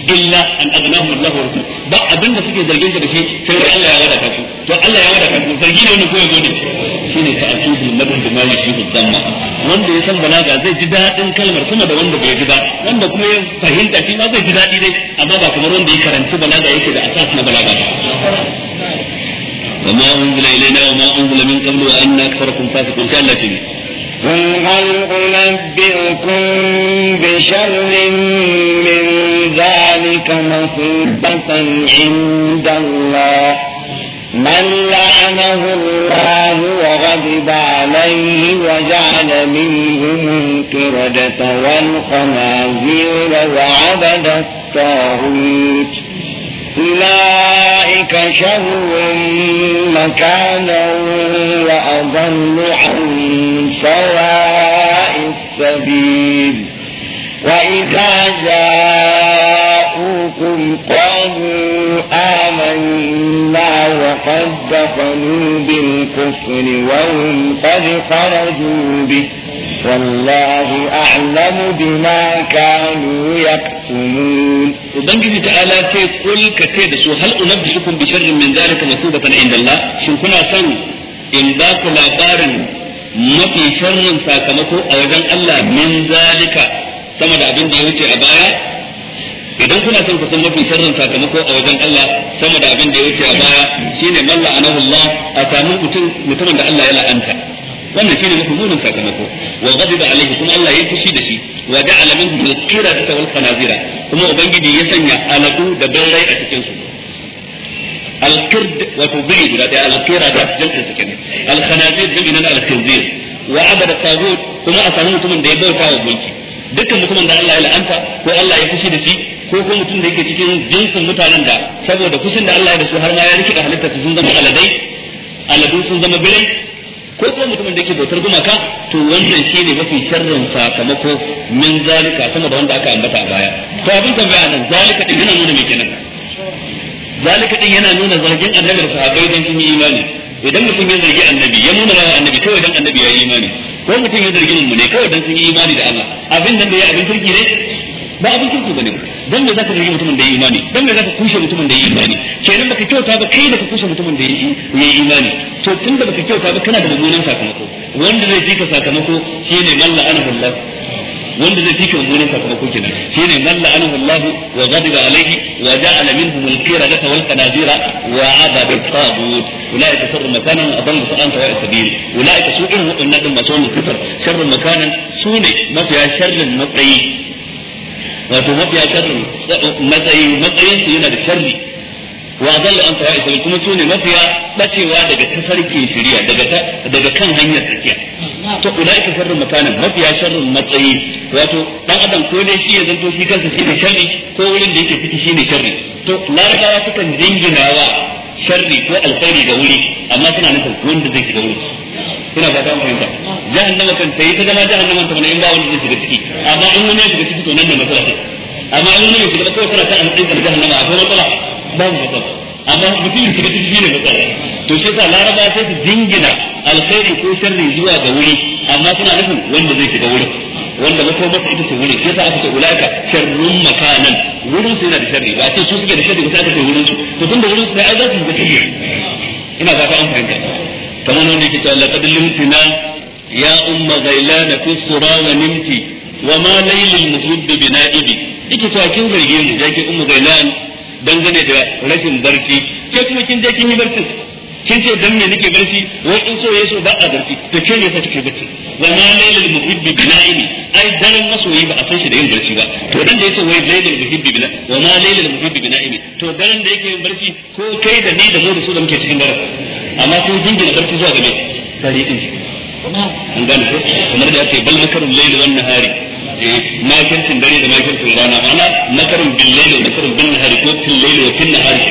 illa an Allah wa ba abinda suke zargin ka da shi sai Allah ya to Allah ya wadata su zargi ne ko yabo ne shine ta'kid lil da ma yufidu dhamma wanda ya san balaga zai ji dadin kalmar sama da wanda bai ji ba wanda kuma ya fahimta shi ma zai ji dadi dai amma ba kamar wanda ya karanci balaga yake da asas na balaga وما أنزل إلينا وما أنزل من قبل وأن أكثركم فاسقون كان لكن قل هل أنبئكم بشر من ذلك مصيبة عند الله من لعنه الله وغضب عليه وجعل منهم القردة والخنازير وعبد الطاغوت أولئك شر مكانا وأضل عن سواء السبيل وإذا جاءوكم قالوا دخلوا بالكفر وهم قد خرجوا به والله أعلم بما كانوا يكتمون وبنجي تعالى قل كتير هل أنبئكم بشر من ذلك مثوبة عند الله شو كنا سن إن باك لابار mafi ما في شر wajen أو جن الله من ذلك سمد da ya wuce idan kuna son ku san mafi sharrin sakamako a wajen Allah sama da abin da ya wuce a baya shine man la'anahu Allah a samu mutum mutumin da Allah ya la'anta wannan shine mafi munin sakamako wa ghadiba alaihi kuma Allah ya fushi da shi wa ja'ala minhum al da wal khanazira kuma ubangiji ya sanya aladu da birrai a cikin su القرد وتبيد لدى القردة wa abada الخنازير kuma a وعبد mutumin da ya من ديبوتا وبنتي dukkan mutumin da Allah ya la'anta ko Allah ya fushi da shi ko kuma mutum da yake cikin jinsin mutanen da saboda kusin da Allah ya da su har ma ya rikida halittarsu sun zama aladai aladu sun zama birai ko kuma mutumin da yake bautar gumaka to wannan shi ne mafi sharrin sakamako min zalika sama da wanda aka ambata a baya to abin tambaya nan zalika din yana nuna me kenan zalika din yana nuna zargin annabi da sahabbai dan sun yi imani idan mutum ya zargi annabi ya nuna rawa annabi kawai dan annabi ya yi imani ko mutum ya zargi mu ne kawai dan sun yi imani da Allah abin nan da ya abin turki ne ba abin kirki bane dan me zaka rage mutumin da ya imani dan me zaka kushe mutumin da ya imani kenan baka kyauta ba kai da ka kushe mutumin da ya imani to tunda baka kyauta ba kana da mummunan sakamako wanda zai fika sakamako shine malla ana billah wanda zai fika mummunan sakamako kenan shine malla ana billah wa ghadiba alaihi wa ja'ala minhum al-qiradata wal qanadira wa adab at-tagut ulai tasarru makanan adan sa'an sawa'i sabil ulai su irin wadannan masu wannan kafar sharrin makanan sune mafiya sharrin matsayi wato mafiya sharrin matsayi matsayin su yana da sharri wa zalla an fa'a sai kuma su ne mafiya bacewa daga tafarkin shari'a daga daga kan hanyar tsakiya to ulaika sharrin makanan mafiya sharrin matsayi wato dan adam ko dai shi ya zanto shi kansa shi ne sharri ko wurin da yake ciki shi ne sharri to larabawa sukan jinginawa sharri ko alkhairi ga wuri amma suna nufin wanda zai shiga wuri ina ba ta fahimta jahannama kan sai ta zama jahannama ta wani in ba wani zai shiga ciki amma in wani ya shiga ciki to nan ne matsala ce amma in wani ya shiga kawai tana ta alƙin kan jahannama akwai matsala babu matsala amma mutum ya shiga ciki ne matsala to shi yasa laraba sai su jingina alkhairi ko sharri zuwa ga wuri amma suna nufin wanda zai shiga wurin wanda makomarsa ita ce wurin sai yasa aka ce ulaka sharrun makanan wurin su yana da sharri ba sai su suke da sharri sai aka ce wurin su to tunda wurin sai ai za su shiga ciki ina ga ta an fahimta kamar wanda yake cewa laqad limtina ya umma ghailana fi sura wa nimti wa ma laylil muhudd bi na'ibi yake cewa kin zarge mu ki umma ghailan dangane da rashin barci ke kuma kin je kin yi barci kin ce dan me nake barci wai in so yaso ba a barci to ke ne fa kike barci wa ma laylil muhudd bi na'ibi ai daren masoyi ba a san shi da yin barci ba to dan da yake wai laylil muhibbi bila wa ma laylil muhibbi bi na'imi to daren da yake yin barci ko kai da ni da mu da su da muke cikin daren amma sun jingina barci zuwa game tare din shi an gane ko kamar da ake bal makarun laili wan nahari eh, makircin dare da makircin rana ana makarun bil laili da makarun bin nahari ko til laili wa til nahari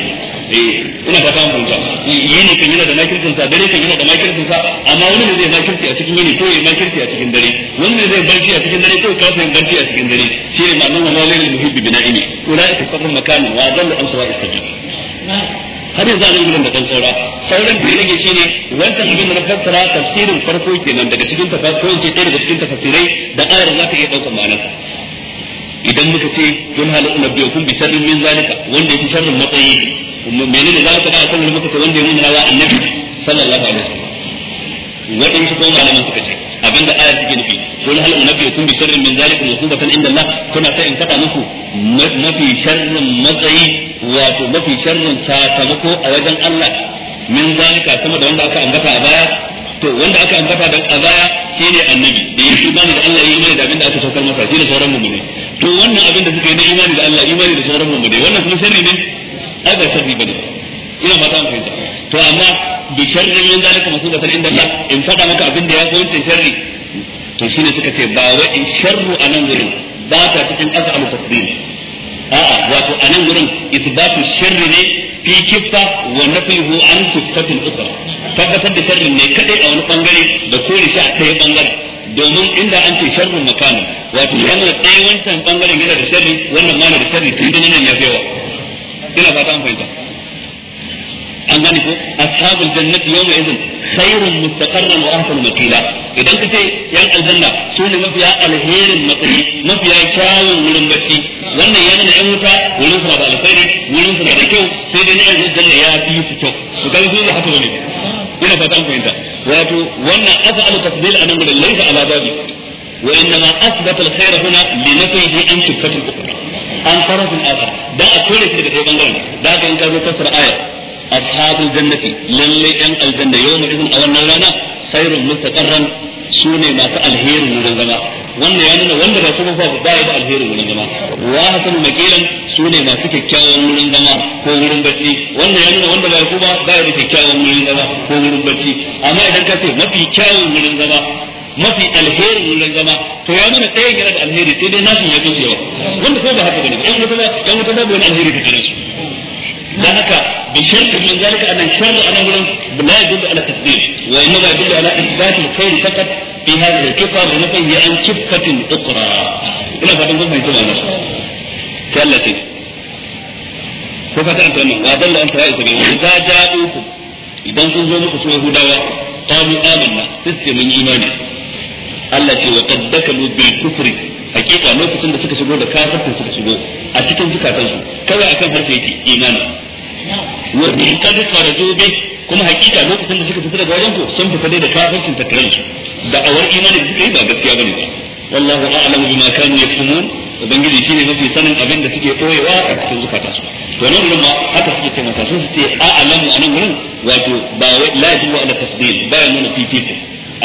eh ina fata an ta yini kan yana da makircin sa dare kan yana da makircin sa amma wani ne zai makirci a cikin yini ko ya makirci a cikin dare wani ne zai barci a cikin dare ko ka kasa barci a cikin dare shi ne ma'anar wa laili muhibbi bina'imi ta sabrun makanin wa dallu an sawa'i sabil har yanzu annabi gudun da kan saura sauran da rage shine wanda abin da na fassara tafsirin farko ke nan daga cikin tafsirin ce daga cikin tafsirai da ayar za ta iya daukar ma'ana idan muka ce kun halu na biyo kun bi sharrin min zalika wanda yake sharrin matsayi menene za ka da sanin muka ce wanda ya nuna wa annabi sallallahu alaihi wasallam wadin su ko malaman suka ce abinda ayar take nufi qul hal unabbiukum bi sharrin min zalika musibatan inda Allah kuna sai in faɗa muku mafi sharrin matsayi wato mafi sharrin sakamako a wajen Allah min zalika sama da wanda aka ambata a baya to wanda aka ambata da a baya shine annabi da ya shi bani da Allah ya imani da abinda aka saukar masa shi da sauran mu'mini to wannan abin da suka yi na imani da Allah imani da sauran mu'mini wannan kuma sharri ne aga sharri bane ina fata an fahimta to amma bi da min zalika masubatan inda Allah in fada maka abin da ya fi wancan sharri to shine suka ce ba wa in sharru anan gurin ba ta cikin az'amu tasbih a'a wato anan gurin isbatu sharri ne fi kifa wa nafihu an tuftatin ukra tabbatar da sharrin ne kadai a wani bangare da kore shi a kai bangare domin inda an ce sharrun makana wato ya nuna ɗaya wancan bangaren yana da sharri wannan ma na da sharri tun da nan ya fi yawa ina fata an fahimta an gane ko ashabul jannati yawma idhin khairun mustaqarran wa ahsanu maqila idan kace yan aljanna su ne mafiya alherin matsayi mafiya kyawun wurin bacci wannan yana da yan wuta wurin su da alkhairi wurin su da kyau sai dai na aljanna ya fi su kyau to kai su ne haka ne ina fata an fahimta wato wannan af'alu tasdil anan gudan laysa ala babi wa innama asbata alkhair huna li nafihi an tukatul an tarafin akhar da a kore shi daga ɗaya bangaren da aka in ka zo kasar aya ashabul jannati lalle yan aljanna yawma idin a wannan rana khairun mustaqarran su ne masu alherin wurin zama wannan ya nuna wanda ba su mafa ba ya da alherin wurin zama wa hasanu makilan su ne masu kyakkyawan wurin zama ko wurin bacci wannan ya nuna wanda ba su ba ba ya da kyakkyawan wurin zama ko wurin bacci amma idan ka ce mafi kyawun wurin zama mafi alherin wurin zama to ya nuna ɗaya gina da alheri sai dai nasu ya kusa yawa wanda ko ba haka bane yan ba yan wuta ba wani alheri ta kare su dan haka بشرط من ذلك أن الشر أنا لا يدل على تكذيب وإنما يدل على إثبات الخير فقط في هذه الكفة لنفي عن كفة أخرى إلى فتن قلنا يتبع نفسه سألتي كفة أنت أمام وأدل أنت رأيت بهم إذا جاءوكم إذا سنزوا مكسوا يهودا قالوا آمنا تسلم من إيمانه التي وقد دخلوا بالكفر hakika lokacin da suka shigo da kafirta suka shigo a cikin zukatansu kawai akan harshe yake imani wa in kad faraju bi kuma hakika lokacin da suka fita daga wajen ku sun fita dai da kafircin tattare su da awar imani da suka yi ba gaskiya bane ba wallahu a'lamu bima kanu yaktumun ubangiji shine mafi sanin abin da suke koyewa a cikin zukata su to nan gurin ma haka suke ce masa sun ce a'lamu anan gurin wato ba la yajlu ala tasdid ba ya nuna fifiko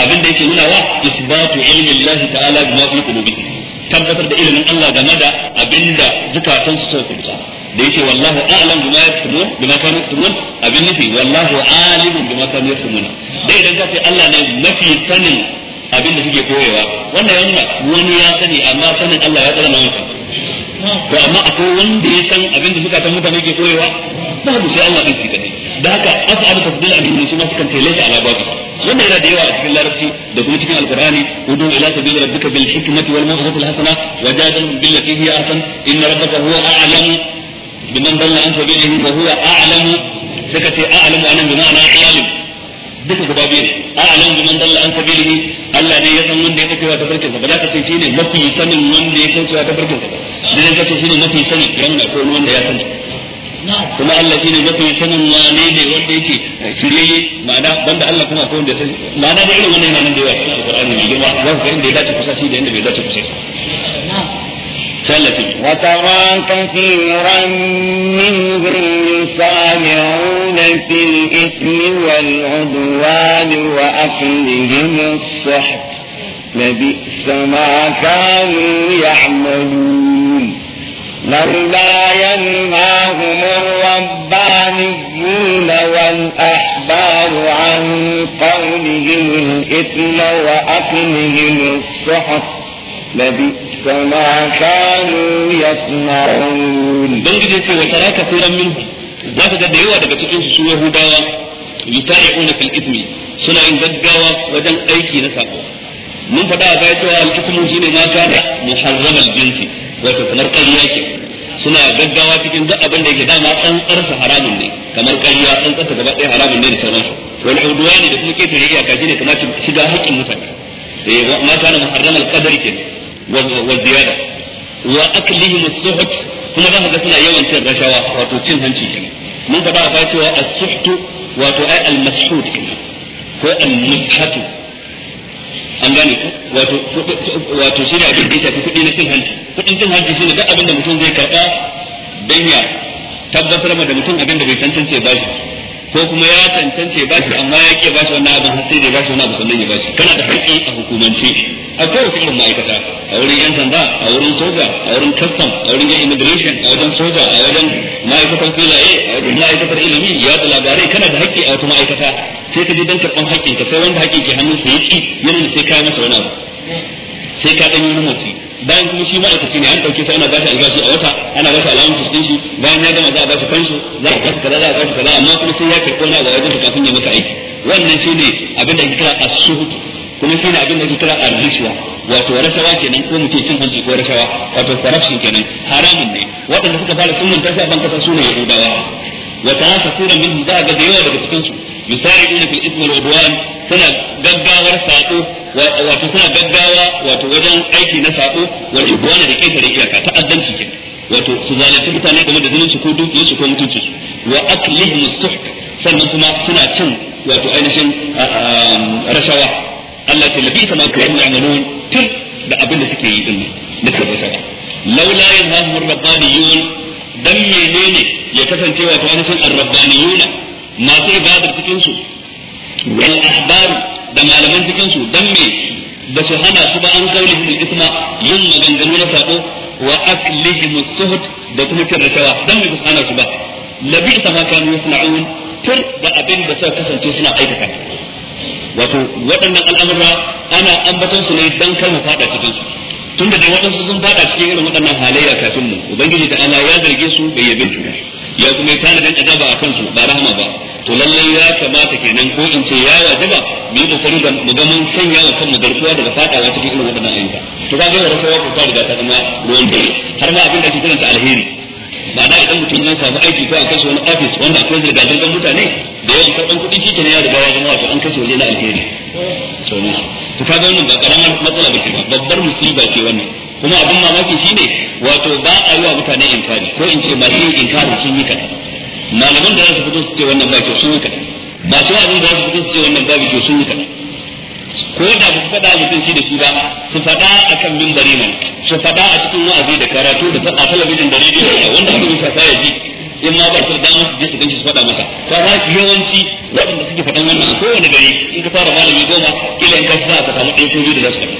abin da yake nuna wa isbatu ilmi Allah ta'ala bima fi qulubihim tabbatar da ilimin Allah game da abin da zukatan su suka fita da yake wallahu a'lam bima yaktumun bima kanu yaktumun abin nufi wallahu alimun bima kanu yaktumun dai idan ka ce Allah ne mafi sanin abin da suke koyewa wannan ya nuna wani ya sani amma sanin Allah ya tsara na wancan to amma akwai wanda ya san abin da suka san mutane ke koyewa babu sai Allah din shi kadai da haka aka abu tafdil abin da su ma sukan tele shi ala babu wannan yana da yawa a cikin larabci da kuma cikin alqur'ani udu ila sabil rabbika bil hikmati wal mawdhati al hasana wajadalhum billati hiya ahsan inna rabbaka huwa a'lamu biman dalla an sabilihi fa huwa a'lamu suka ce a'lamu anan bi ma'ana alim duka guda biyu a'lamu biman dalla an sabilihi Allah ne ya san wanda ya kace wa tabarkinsa ba za ka ce shine mafi sanin wanda ya kace wa tabarkinsa ba dan ka ce shine mafi sani ranna ko wanda ya sani kuma Allah shi ne mafi sanin wane ne wanda yake shiryayye ma'ana banda Allah kuma akwai wanda ya sani ma'ana da irin wannan yana nan da yawa cikin Qur'ani mai girma za ku ga inda ya dace kusa shi da inda bai dace kusa سلفي وترى كثيرا منهم يسارعون في الإثم والعدوان وأكلهم السحت لبئس ما كانوا يعملون لولا ينهاهم الربانيون والأحبار عن قولهم الإثم وأكلهم السحت لبئس بئس ما كانوا يصنعون بنجد في وترى كثيرا منهم ذاك قد يوا daga cikin su yahudawa yutari'una fil ismi suna yin gaggawa wajen aiki na sako mun faɗa a baya cewa al-ismu shine ma kana muharramal jinsi wato kamar ƙarya ke suna gaggawa cikin duk abin da yake dama tsantsarsa haramun ne kamar ƙarya tsantsarsa gaba ɗaya haramun ne da sauransu wani udwani da kuma shiga haƙƙin mutane da eh, ma kenan wa ziyada wa aklihim as-suhut kuma za ga suna yawan cin rashawa wato cin hanci kenan mun ga ba ba cewa as-suhut wato ai al-mashhud ko al an gane ku wato wato shi ne abin da yake kuɗi na cin hanci kuɗin cin hanci shine duk abin mutum zai karɓa dan ya da mutum bai tantance ba ko kuma ya cancance ba shi amma ya ke ba shi wannan abin hasiri ba shi wannan abin sannan ya ba shi kana da haƙƙi a hukumance a kowace irin ma'aikata a wurin yan sanda a wurin soja a wurin custom a wurin immigration a wajen soja a wajen ma'aikatan filaye a wajen ma'aikatar ilimi ya da labarai kana da haƙƙi a wata ma'aikata sai ka je dan karɓan haƙƙinka sai wanda haƙƙin ke hannun sa ya ci yana sai ka yi masa wani abu sai ka ɗan yi wani motsi bayan kuma shi ma'aikaci ne an dauke sai ana bashi albashi a wata ana bashi alamun din shi bayan ya gama za a bashi kansu za a bashi kaza za a bashi kaza amma kuma sai ya karɓi wani abu a wajen kafin ya maka aiki wannan shi ne abin da ake kira a suhut kuma ne abin da ake kira a rishuwa wato rashawa kenan ko mutum cin hanci ko rashawa wato corruption kenan haramun ne waɗanda suka fara sunan tashi a ban kasa sunan yahudawa wa ta kasiran min za ga da yawa daga cikin su yusari'una fil ismi wal udwan suna gaggawar sako wato suna gaggawa wato wajen aiki na sako wal ibwana da kai iyaka ta'addanci kin wato su zalunci mutane game da zinin su ko dukiyar su ko mutunci. su wa aklihim suhk sannan kuma suna cin wato ainihin rashawa Allah ta labi sama ka yi amalun tun da abin da suke yi din da suka rashawa laula yanhahum ar-rabbaniyun dan menene ya kasance wato ainihin ar-rabbaniyuna masu ibadar cikin su wal ahbar da malaman cikin su dan me ba su hana su ba an kaulihim al-isma yin maganganu na sako wa aklihim as da kuma cin dan me ba su hana su ba labisa ma kanu yasna'un tur da abin da suka kasance suna aikata wato waɗannan al'amura ana ambaton su ne dan kar mu fada cikin su tunda dai waɗansu sun fada cikin irin waɗannan halayya kafin mu ubangiji da Allah ya zarge su bai yabe su ya kuma tana dan azaba a kansu ba rahama ba to lallai ya kamata kenan ko in ce ya ba mu yi kokari da mu ga mun sanya wa kanmu garkuwa daga fadawa cikin irin wannan ayyuka to kaga yau rasawa ko ta riga ta zama ruwan dare har ma abin da ake ta alheri ba da idan mutum ya samu aiki ko a kashe wani office wanda akwai zirga zirgar mutane da yawan karɓan kuɗi shi kenan ya riga ya zama wato an kashe waje na alheri to ne to ga wannan ba karamar matsala ba ce babbar musiba ce wannan kuma abin mamaki shine wato ba a yi wa mutane inkari ko in ce masu yin inkarin sun yi kaɗan malaman da za su fito su ce wannan ba kyau sun yi kaɗan ba su yi da za su fito su ce wannan ba kyau sun yi kaɗan ko da ba su faɗa mutum shi da shi ba su faɗa a kan mimbari man su faɗa a cikin wa'azi da karatu da faɗa talabijin da rediyo wanda su yi sa ya ji in ma ba su da su je su ganci su faɗa maka to amma yawanci waɗanda suke faɗan wannan a kowane gari in ka fara malami goma kila in ka sa ka samu ɗaya ko biyu da za su faɗa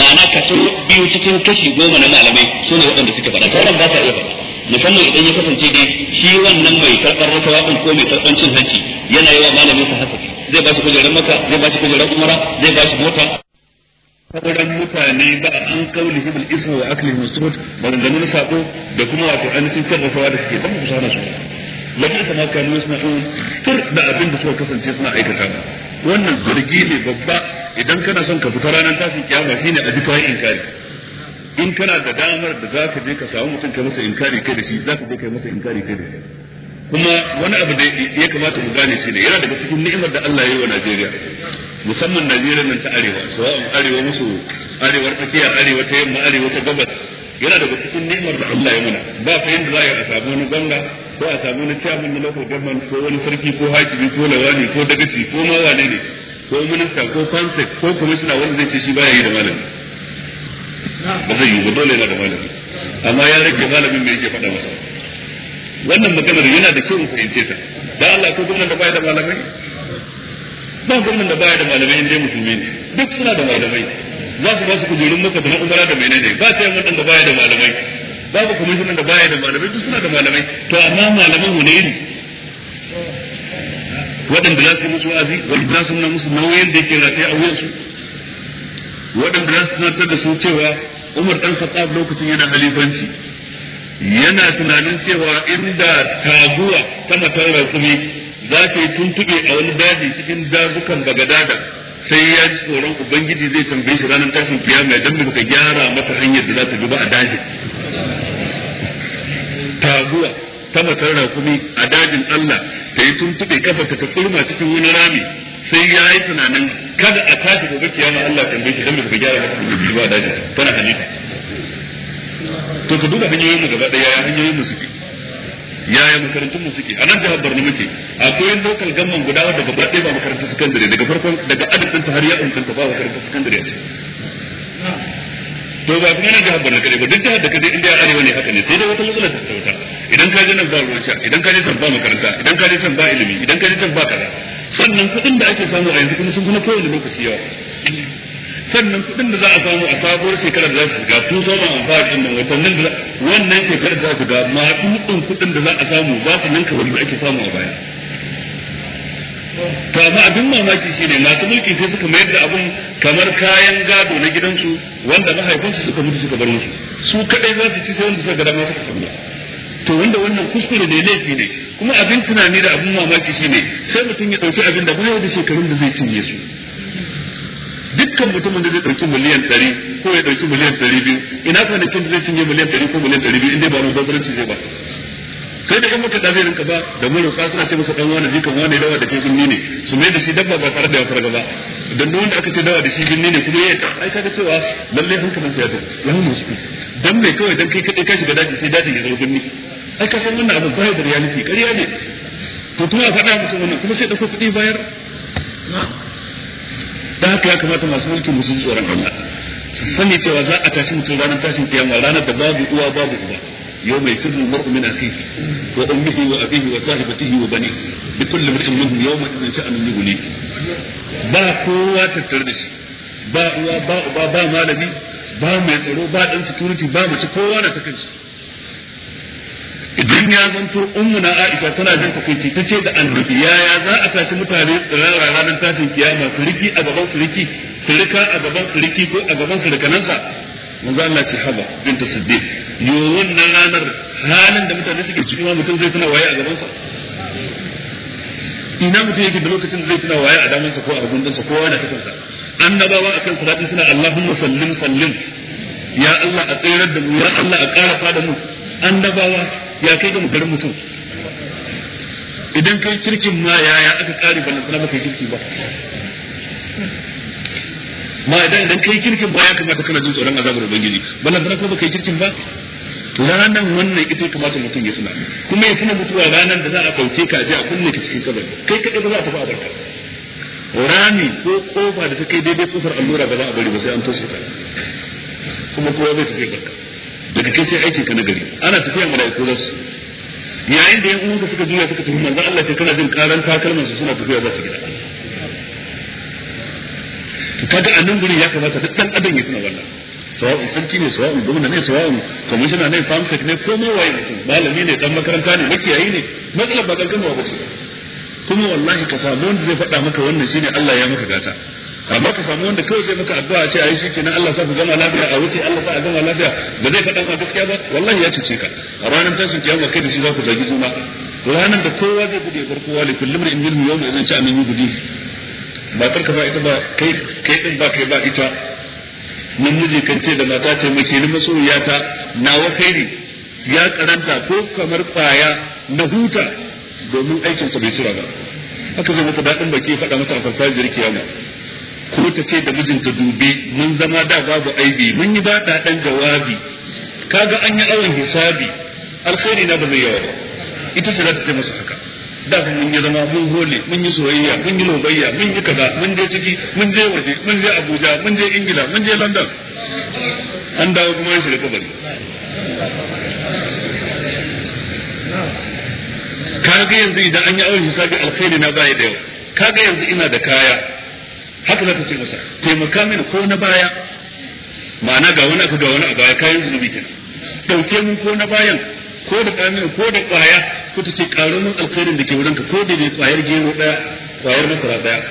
ma'ana kaso biyu cikin kashi goma na malamai su ne waɗanda suke faɗa sauran ba sa iya faɗa musamman idan ya kasance dai shi wannan mai karɓar rashawa ko mai karɓar cin hanci yana yawa wa malamin sa haka zai ba shi kujerar maka zai ba shi kujerar umara zai ba shi mota sauran mutane ba an kauli hibil isa wa akli da nuna sako da kuma wato ainihin cin rashawa da suke ba mu kusa su lafi sama kanu suna tur da abin da suka kasance suna aikata wannan zargi ne babba idan kana son ka fita ranar tashin kiyama shine a ji kayan inkari in kana da damar da za ka je ka samu mutum kai masa inkari kai da shi za ka je kai masa inkari kai da shi kuma wani abu da ya kamata mu gane shi ne yana daga cikin ni'imar da Allah ya yi wa Najeriya musamman Najeriya nan ta arewa sawa'un arewa musu arewar tsakiya arewa ta yamma arewa ta gabas yana daga cikin ni'imar da Allah ya muna ba fa yin za a samu wani ganga ko a samu wani chairman na local government ko wani sarki ko hakimi ko lawani ko dagaci ko ma ne ko minista ko fansek ko commissioner wanda zai ce shi baya yi da malami ba zai yi dole yana da malami amma ya rage malamin da yake faɗa masa wannan maganar yana da kyau fahimce ta da Allah ko gwamnan da baya da malamai ba gwamnan da baya da malamai inda musulmi ne duk suna da malamai za su ba su kujerun maka da na umara da mai ne ba sai wannan da baya da malamai babu kwamishinan da baya da malamai duk suna da malamai to amma malaman wane iri waɗanda za su yi musu wa'azi waɗanda za su nuna musu nauyin da yake rataye a wuyansu waɗanda za su tunatar da su cewa Umar dan Khattab lokacin yana halifanci yana tunanin cewa inda taguwa ta matar raƙumi za ta yi tuntuɓe a wani daji cikin dazukan dada, sai ya ji tsoron ubangiji zai tambaye shi ranar tashin kiyama dan ka gyara mata hanyar da za ta bi ba a dajin taguwa ta matar raƙumi a dajin Allah ta yi tuntuɓe kafarta ta kurma cikin wani rami sai ya yi tunanin kada a tashi gobe kiyama Allah tambaye shi dan bai gyara masa gobe ba shi kana hadisi to ka duba hanyoyin mu gaba daya hanyoyin mu suke yaya makarantun mu suke anan nan jihar Borno muke akwai local gamman guda wadda gaba daya ba makarantun sakandare daga farkon daga adadin ta har ya umkanta ba makarantun sakandare ce to ba kuma nan jihar Borno kadai ba duk jihar da kadai inda ya arewa ne haka ne sai dai wata matsala ta wuta idan ka je nan ba ruwan sha idan ka je san ba makaranta idan ka je san ba ilimi idan ka je san ba kaza sannan kuɗin da ake samu a yanzu kuma sun kuma kowane lokaci yawa sannan kuɗin da za a samu a sabuwar shekarar da za su shiga tun sauran amfani nan da wannan shekarar za su shiga ma dukkan kuɗin da za a samu za su ninka da ake samu a baya to amma abin mamaki shi ne masu mulki sai suka mayar da abun kamar kayan gado na gidansu wanda mahaifinsu suka mutu suka bar musu su kadai za su ci sai wanda suka ga dama suka samu to wanda wannan kuskure ne laifi ne kuma abin tunani da abin mamaki ne sai mutum ya dauki abin da baya da shekarun da zai cinye su dukkan mutumin da zai ɗauki miliyan ɗari ko ya ɗauki miliyan ɗari biyu ina kwanakin da zai cinye miliyan ɗari ko miliyan ɗari biyu in ba mu bazaranci zai ba sai da in muka da zai rinka ba da mu rufa suna ce masa dan wani jikan wani dawa da ke binni ne su mai da shi dabba ba tare da ya farga ba dan duk wanda aka ce dawa da shi binni ne kuma yayin ai kaga cewa lalle hankalin sa ya tafi ya mu shi dan me kawai dan kai kashi ka shiga daji sai daji ya zama binni ai ka san wannan abin bai da reality ƙarya ne to kuma a faɗa mutum wannan kuma sai ɗauko kuɗi bayar da haka ya kamata masu mulkin musu tsoron Allah su sani cewa za a tashi mutum ranar tashin kiyama ranar da babu uwa babu uba yau mai firin mar'u min akhihi wa ummihi wa abihi wa sahibatihi wa bani bi kulli mar'in minhum yawma idhin sha'anun yughni ba kowa tattare da shi ba uwa ba uba ba malami ba mai tsaro ba dan security ba mace kowa na ta kansa idan ya zanto ummu na Aisha tana jin takeici ta ce da annabi ya za a tashi mutane tsirara ranar tashin kiyama su riki a gaban su riki su rika a gaban su riki ko a gaban su rikanansa manzo Allah ce haba binta siddiq yoyon na ranar halin da mutane suke ciki ma mutum zai tuna waye a gaban sa ina mutum yake da lokacin da zai tuna waye a damansa ko a gundunsa ko wani a kansa annabawa akan sirati suna Allahumma sallim sallim ya Allah a tsirar da mu ya Allah a ƙara da mu annabawa ya kai ga garin mutum idan kai kirkin ma ya aka kare ba na kai kirki ba ma idan idan kai kirkin ba ya kamata kana jin tsoron azabar ubangiji ballan tana kuma kai kirkin ba ranan wannan ita ya kamata mutum ya suna kuma ya suna mutuwa ranan da za a kauce ka je a kunne ka cikin kabari kai kaɗai ba za a tafi a barka rami ko kofa da ta kai daidai kofar allura ba za a bari ba sai an toshe ta kuma kowa zai tafi barka daga kai sai aikin ka na gari ana tafiya mala'iku za su yayin da yan uwanka suka juya suka tafi manzo Allah ce kana jin karan takalman su suna tafiya za su gida to kaga a nan gurin ya kamata duk dan adam ya tuna wannan sawa'un sarki ne sawa'un gwamna ne sawa'un kwamishina ne famsek ne ko ma waye mutum malami ne dan makaranta ne makiyayi ne matsalar ba kankan ba ce kuma wallahi ka samu wanda zai faɗa maka wannan shine Allah ya maka gata amma ka samu wanda kawai zai maka addu'a ce ayi kenan Allah sa ku gama lafiya a wuce Allah sa a gama lafiya ba zai faɗa ma gaskiya ba wallahi ya cuce ka a ranar tashin kiyama kai da shi za ku zagi juna ranar da kowa zai gudu ya bar kowa da kullum in minhu yawma idan sha'a min gudu. matar ka ba ita ba kai kai din ba kai ba ita namiji kan ce da mata ce muke ni ta nawa khairi ya karanta ko kamar kwaya na huta domin aikinsa bai sira ba haka zai mata daɗin baki faɗa mata a farfajiyar kiyama ko ta ce da mijinta dubi mun zama da babu aibi mun yi ba ta dan jawabi kaga an yi awon hisabi alkhairi na ba zai yawa ba ita ce za ta ce masa haka da kuma mun yi zama mun hole mun yi soyayya mun yi lobayya mun yi kaza mun je ciki mun je waje mun je Abuja mun je Ingila mun je London an dawo kuma ya shiga kabari kaga yanzu idan an yi awon hisabi alkhairi na ya da yawa kaga yanzu ina da kaya haka za ka ce masa taimaka mini ko na baya ma'ana ga wani aka ga wani a baya kayan zunubi kenan dauke mun ko na bayan ko da kamin ko da kwaya ko ta ce karo mun alkhairin da ke wurinka ko da ne kwayar gero daya kwayar masara daya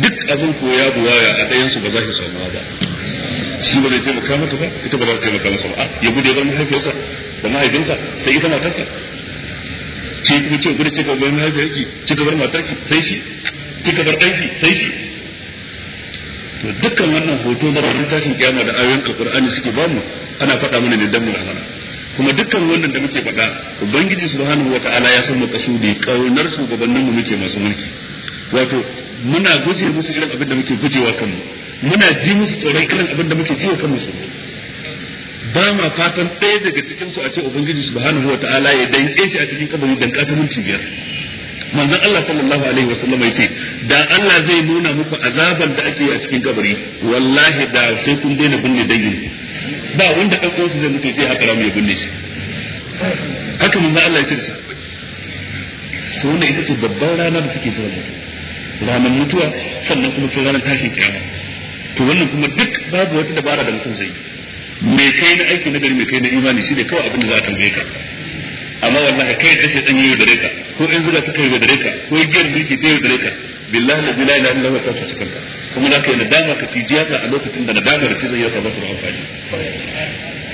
duk abin koya buwaya a ɗayan su ba za ki samu ba shi ba zai taimaka mata ba ita ba za ta taimaka masa ba ya mu bar mahaifiyarsa da mahaifinsa sai ita matarsa ce kuma ce gudu ce ka bar mahaifiyarki ce ka bar matarki sai shi ce ka bar ɗanki sai shi to dukkan wannan hoto da ranar tashin kiyama da ayoyin alkur'ani suke ba bamu ana faɗa mana ne dan mu rahama kuma dukkan wannan da muke faɗa ubangiji subhanahu wataala ya san makasudi kaunar shugabannin mu muke masu mulki wato muna guje musu irin abin da muke gujewa kanmu muna ji musu tsoron irin abin da muke jiwa kanmu su ba ma fatan ɗaya daga cikin su a ce ubangiji subhanahu wataala ya danƙe shi a cikin kabari dan katamin biyar manzon Allah sallallahu alaihi wasallam ya ce da Allah zai nuna muku azaban da ake a cikin kabari wallahi da sai kun daina binne dangin ba wanda dan kosu zai mutu sai haka ramu ya binne shi haka manzon Allah ya ce to wannan ita ce babbar rana da take zuwa ranar mutuwa sannan kuma sai ranar tashin kiyama to wannan kuma duk babu wata dabara da mutum zai yi mai kai na aiki na gari mai kai na imani shi ne kawai abin da za a tambaye ka amma wallahi kai da shaytan yayi da reka ko in zuga suka yi da reka ko giyar duki ta yi da reka billahi la ilaha illa huwa ta ta cikin kuma na kai nadama ka ci jiya a lokacin da nadama da cizon ya ta basu amfani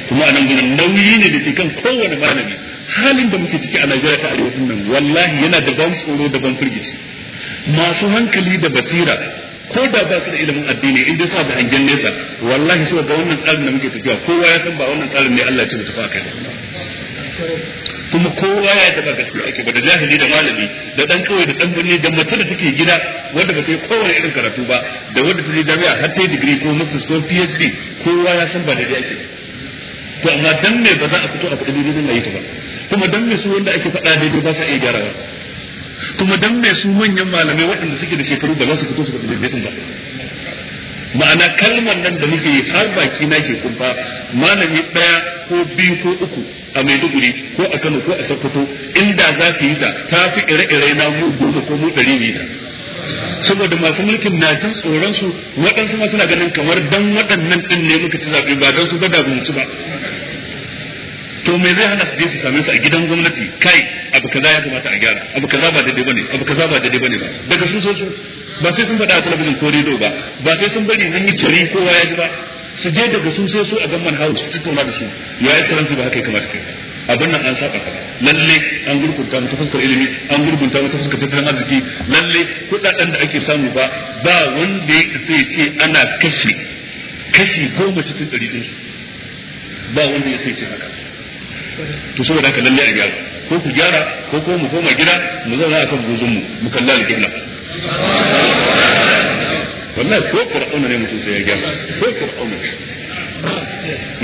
kuma anan gurin nauyi ne da ke kan kowane malami halin da muke ciki a Najeriya ta arewacin nan wallahi yana da ban tsoro da ban firgici masu hankali da basira ko da ba su da ilimin addini in dai suna da hangen nesa wallahi suka ga wannan tsarin da muke tafiya kowa ya san ba wannan tsarin ne Allah ya ce mu tafi akai ba kuma kowa ya zama da gaskiya ake ba da jahili da malami da dan kawai da dan birni da mace da take gida wanda ba ta yi kowane irin karatu ba da wanda ta yi jami'a har ta yi digiri ko masters ko phd kowa ya san ba da ake to amma dan me ba za a fito a faɗi ne da ta ba kuma dan me su wanda ake faɗa daidai ba sa iya ba kuma dan me su manyan malamai waɗanda suke da shekaru ba za su fito su faɗi daidai ba ma'ana kalmar nan da muke yi har baki na ke kumfa malami ɗaya ko biyu ko uku a Maiduguri ko a Kano ko a Sokoto inda za su yi ta ta fi ire-ire na mu ko mu ɗari ne ta saboda masu mulkin na jin tsoron su waɗansu ma suna ganin kamar dan waɗannan ɗin ne muka ci zaɓe ba don su ba da gumci ba to me zai hana su je su same su a gidan gwamnati kai abu kaza ya kamata a gyara abu kaza ba daidai bane abu kaza ba daidai bane ba daga sun so su ba sai sun faɗa a talabijin ko rediyo ba ba sai sun bari an yi tari kowa ya ji ba su je daga sun sai su a gamman house su tattauna da su ya yi saransu ba haka ya kamata kai abin nan an saba ka lalle an gurgunta mu ta fuskar ilimi an gurgunta mu ta fuskar tattalin arziki lalle kudaden da ake samu ba ba wanda zai ce ana kashe kashi goma cikin ɗari ɗin ba wanda ya sai ce haka to saboda haka lalle a gyara ko ku gyara ko ko mu koma gida mu zauna a kan mu mu kalla alƙibla wannan ko fir'auna ne mutum sai ya gyara ko fir'auna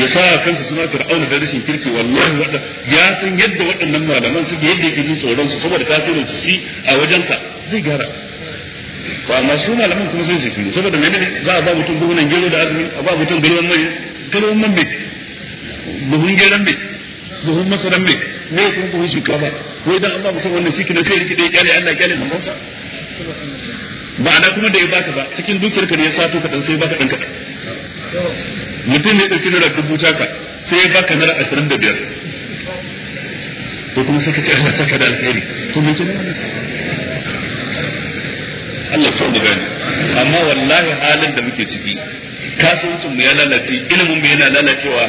ya sa kansa suna fir'auna da rashin kirki wallahi wadda ya san yadda waɗannan malaman suke yadda yake jin tsoron su saboda tasirin su shi a wajensa zai gyara to amma su malaman kuma sai su saboda mai ne za a ba mutum buhunan gero da azumi a ba mutum garwan mai garwan man mai buhun geran mai buhun masaran mai ne kuma buhun shinkafa wai idan an ba mutum wannan shi kina sai rikide kyale Allah kyale masansa ma'ana kuma da ya baka ba cikin dukiyar ka ne ya sato ka dan sai baka dan kadan mutum ne dauki naira dubu taka sai ya baka naira ashirin da biyar to kuma sai ka ce Allah saka da alheri to me kenan Allah so mu gani amma wallahi halin da muke ciki kasuwancin mu ya lalace ilimin mu yana lalacewa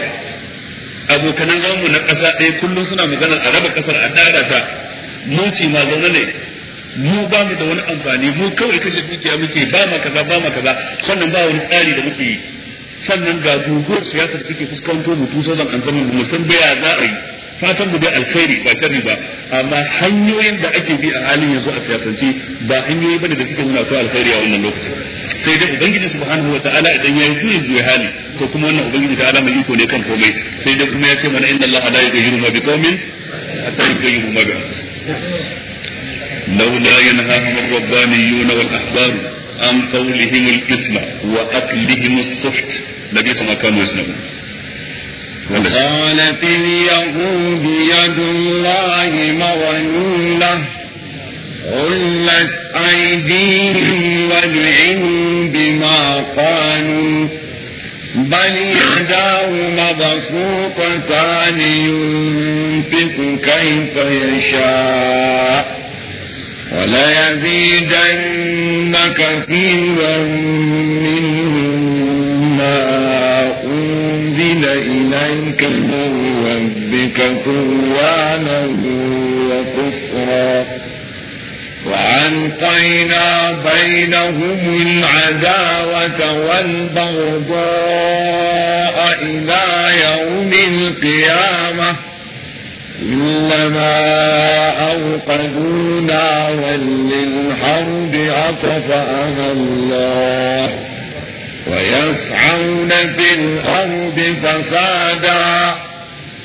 abokanan zaman mu na ƙasa ɗaya kullum suna maganar a raba ƙasar a ɗara ta ma zaune ne mu ba mu da wani amfani mu kawai kashe dukiya muke ba ma kaza ba ma kaza sannan ba wani tsari da muke yi sannan ga guguwar siyasar take fuskanto mu tusa zan an zama mu san baya za a yi fatan mu da alkhairi ba sharri ba amma hanyoyin da ake bi a halin yanzu a siyasance ba hanyoyi bane da suke nuna ko alkhairi a wannan lokacin sai dai ubangiji subhanahu wataala idan yi juyin juya hali to kuma wannan ubangiji ta alama iko ne kan komai sai dai kuma ya ce mana inna allaha la yughayyiru ma biqaumin hatta yughayyiru ma bi anfusihim لولا ينهاهم الربانيون والأحبار عن قولهم الإثم وأكلهم السحت لبئس ما كانوا يسلمون وقالت اليهود يد الله مغلولة غلت أيديهم ولعنوا بما قالوا بل يداه مبسوطتان ينفق كيف يشاء وليزيدنك كثيرا منهم ما أنزل إليك من ربك طوانا وكفرا وألقينا بينهم العداوة والبغضاء إلى يوم القيامة إنما أوقدوا نارا للحرب أطفأها الله ويسعون في الأرض فسادا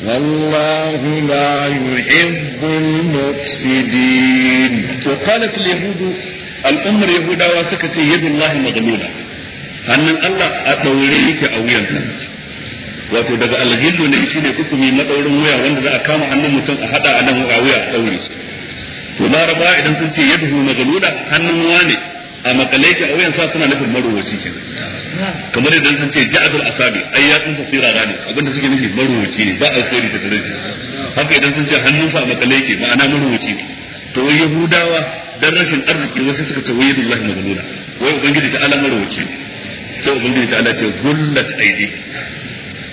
والله لا يحب المفسدين وقالت اليهود الأمر يهودا وسكت يد الله مغلولة أن الله أتوليك أو ينسى wato daga algillu ne shine kusumi madaurin wuya wanda za a kama hannun mutum a hada a nan a wuya a daure to laraba idan sun ce yadhu galuda hannun wane a makalaiki a wuyan sa suna nufin marowaci ke kamar idan sun ce ja'adul asabi ai ya tsufa firara ne abinda suke nufi marowaci ne ba alkhairi ta tare haka idan sun ce hannun sa a makalaiki ma'ana marowaci ne to yahudawa dan rashin arziki wasu suka ce wayyidullahi magluda wai ubangiji ta ala wuce ne sai ubangiji ta ala ce gullat aidi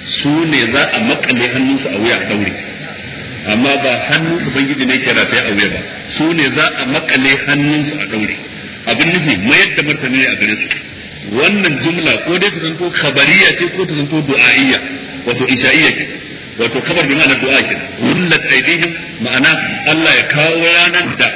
su ne za a makale hannunsu a wuya a daure amma ba hannun ubangiji ne ke ta a wuya ba su ne za a makale hannunsu a daure abin nufi mayar da martani ne a gare su wannan jumla ko dai ta zanto khabariya ce ko ta zanto du'a'iyya wato isha'iyya ce wato kabar bi ma'ana du'a kenan wullat aidihim ma'ana Allah ya kawo ranar da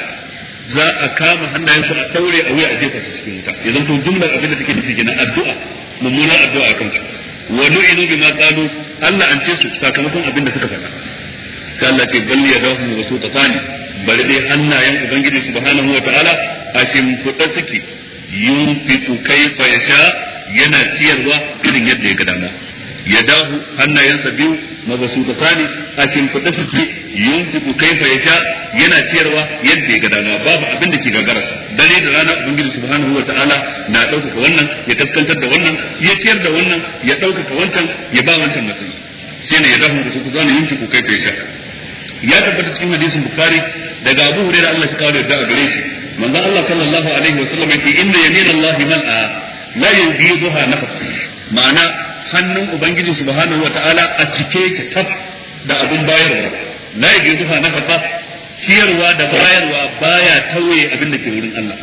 za a kama hannayensu a daure a wuya a jefa su cikin wuta ya zanto jumlar abin da take nufi kenan addu'a mummunar addu'a kan ka wa lu'inu bima qalu Allah an ce su sakamakon abin da suka faɗa sai Allah ce balli ya dawo mu su tatani bari dai hannayen ubangiji subhanahu wa ta'ala a shimfiɗa suke kai fa yasha yana ciyarwa irin yadda ya ga dama ya dahu hannayensa biyu mabasutatan a shimfiɗe yana ciyarwa yadda ya ga dama babu abin da ke gagararsa dare da rana ubangiji subhanahu na ɗaukaka wannan ya kaskantar da wannan ya ciyar da wannan ya ɗaukaka wancan ya ba wancan sai ya dafa ya tabbata cikin hadisin bukhari daga abu da Allah ya kawo da gare shi Allah sallallahu alaihi hannun ubangiji subhanahu wataala a cike ta tab da abin bayarwa Na la yajuzu na kafa ciyarwa da bayarwa baya tauye abin da ke wurin Allah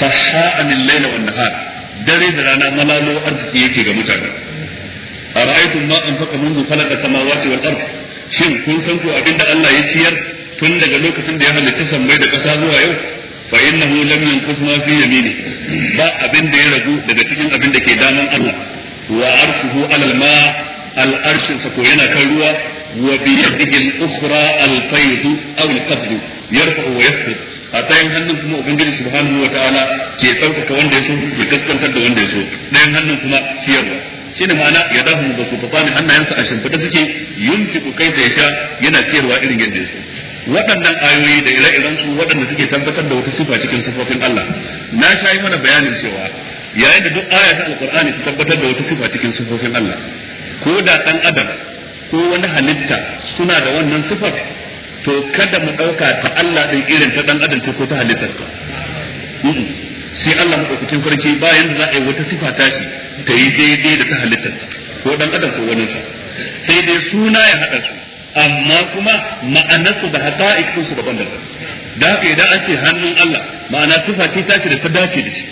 sahha'an al na wanda nahar dare da rana malalo arziki yake ga mutane A ra'aitun ma kala mundu sama samawati wal ard shin kun san ko abin da Allah ya ciyar tun daga lokacin da ya halitta sammai da ƙasa zuwa yau fa innahu lam yanqus ma fi yamini ba abinda ya ragu daga cikin abin da ke daman Allah wa arshuhu alal ma al yana kan ruwa wa bi yadihi al ukhra al fayd aw al qabd yarfa'u wa yasqut a tayin hannun kuma ubangiji subhanahu wa ta'ala ke ɗaukaka wanda ya so kaskantar da wanda ya so ɗayan hannun kuma siyarwa shine ma'ana ya dahu ba su tsani hannayensa a shimfiɗa suke yunfiku kai da ya sha yana siyarwa irin yadda ya waɗannan ayoyi da ire-iren su waɗanda suke tabbatar da wata sifa cikin sifofin Allah na sha yi mana bayanin cewa yayin da duk aya ta alqur'ani ta tabbatar da wata sifa cikin sifofin Allah ko da dan adam ko wani halitta suna da wannan sifar to kada mu dauka ta Allah din irin ta dan adam ce ko ta halittar ka sai Allah mu dauki sarki ba yanda za a yi wata sifa ta shi ta yi daidai da ta halittar ko dan adam ko wani sa sai dai suna ya hada su amma kuma ma'anarsu da haqa'iqinsu daban-daban da haka idan an ce hannun Allah ma'ana sifa ce ta shi da ta dace da shi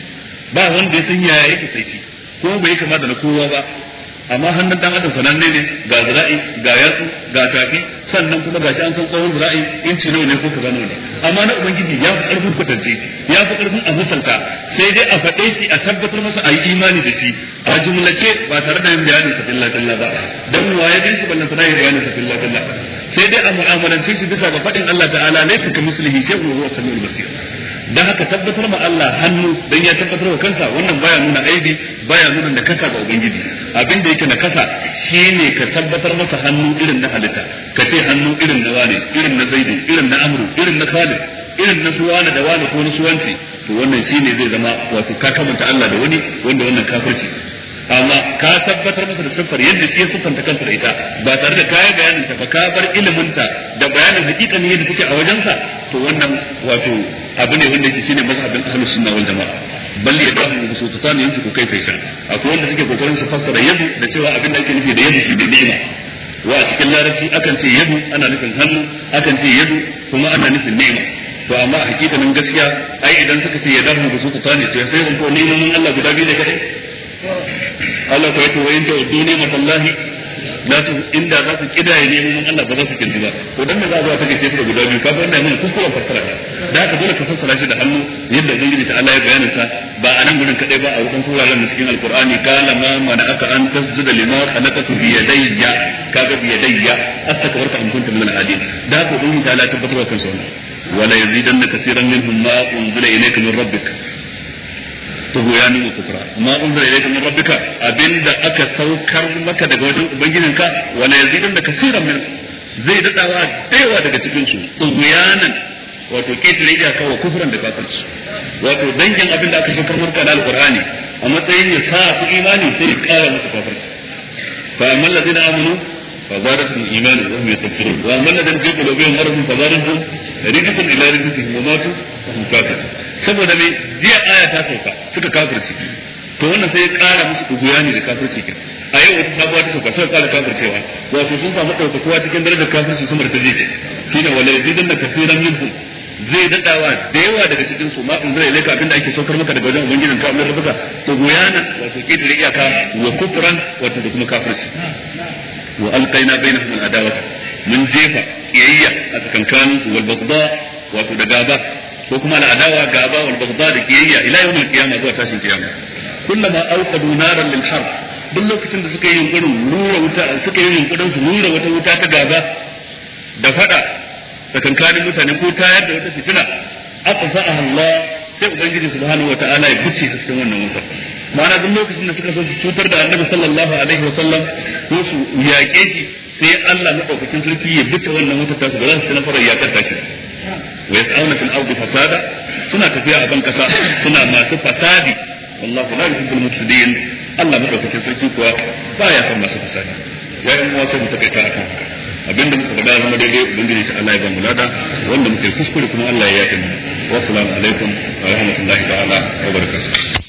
ba wanda ya san yaya yake sai shi ko bai kama da na kowa ba amma hannun dan adam sananne ne ga zira'i ga yatsu ga tafi sannan kuma shi an san tsawon zira'i inci nawa ne ko kaza nawa ne amma na ubangiji ya fi karfin kwatance ya fi karfin a musanta sai dai a faɗe shi a tabbatar masa a yi imani da shi a jumlace ba tare da yin bayanin sa fillah fillah ba dan ya gan shi ballan tana yin bayanin sa fillah fillah sai dai a mu'amalance shi bisa ga faɗin Allah ta'ala laysa ka mislihi shay'un wa huwa samiul basir dan haka tabbatar ma Allah hannu dan ya tabbatar wa kansa wannan baya nuna aibi baya nuna da nakasa ga ubangiji abin da yake nakasa shine ka tabbatar masa hannu irin na halitta ka ce hannu irin na wane irin na zaidi irin na amru irin na khalid irin na suwana da wani ko na suwanci to wannan shine zai zama wato ka kamanta Allah da wani wanda wannan kafirci amma ka tabbatar masa da siffar yadda shi siffanta kanta da ita ba tare da kaya bayanin ta ba ka bar iliminta da bayanin hakikanin yadda take a wajensa to wannan wato abu ne wanda yake shine mazhabin ahlus sunna wal jamaa bal ya da mu su tsana yanki ko kai faisan akwai wanda suke kokarin su fassara yadu da cewa abin da ake nufi da yadu shi da ni'ima wa a cikin larabci akan ce yadu ana nufin hannu akan ce yadu kuma ana nufin ni'ima to amma a hakikanin gaskiya ai idan suka ce yadu mu su tsana to sai sun ko ni'imin Allah guda biyu ne kadai Allah ko yace wa inda ta'uddu za su inda za su kidaye nemomin Allah ba za su kirji ba to dan me za a zuwa take ce su guda biyu kafin wannan mun kuskuren fassara ne da haka dole ka fassara shi da hannu yadda da ta Allah ya bayanin sa ba a nan gurin kadai ba a wurin suraren da cikin alqur'ani kala ma mana aka an tasjuda lima khalaqtu bi yadayya kaga bi yadayya astakbarta an kunta min al-adin da haka ubangiji ta Allah ya tabbatar da kansa wannan wala yazidanna kaseeran minhum ma unzila ilayka min rabbika tughyanan wa kufra ma unzila ilayka min rabbika abinda aka saukar maka daga wajen ka wala yazidan da kasira min zai dadawa dayawa daga cikin su tughyanan wato ketare iyaka kawo kufran da kafirci wato dangin abinda aka saukar maka da alqur'ani a matsayin ya sa su imani sai ya kara musu kafirci fa amma alladhina amanu فزادتهم ايمانا وهم يستبشرون واما الذين في قلوبهم مرض فزادتهم رجسا الى رجسهم وماتوا وهم كافرون saboda me jiya aya ta sauka suka kafirci to wannan sai ya kara musu ne da kafirci kin a yau wata sabuwa ta sauka suka kara kafircewa wato sun samu kowa cikin darajar kafirci sun shi ne shine wala yazidanna kafiran minhum zai dadawa da yawa daga cikin su ma in zai leka abinda ake saukar maka daga wajen ubangijin ka amma rabbuka to guyana wato da iyaka wa kufran wato da kuma kafirci wa alqaina bainahum al-adawata mun jefa kiyayya a tsakankanin su wal bagda wato da gaba ko kuma al'adawa gaba wal baghdha da kiyayya ila yawmil qiyamah zuwa tashin kiyama kullama awqadu naran lil harb duk lokacin da suka yi yunkurin nura wuta suka yi yunkurin su nura wata wuta ta gaba da fada tsakankanin mutane ko tayar da wata fitina aqfa'aha Allah sai ubangiji subhanahu wa wataala ya bice hasken wannan wuta. ma'ana duk lokacin da suka so su cutar da annabi sallallahu alaihi wa sallam, ko su yaƙe shi sai Allah madaukakin sarki ya bice wannan wutar tasu ba za su ci nasarar yakar tashi wa yas'auna fil fasada suna tafiya a ban kasa suna masu fasadi wallahu la yuhibbul mufsidin Allah madaukakin sarki kuwa baya son masu fasadi ya yi mu sai mu takaita akan haka abinda muka zama daidai ubangiji ta Allah ya bamu wanda muka kuskure kuma Allah ya mu wassalamu alaikum rahmatullahi ta'ala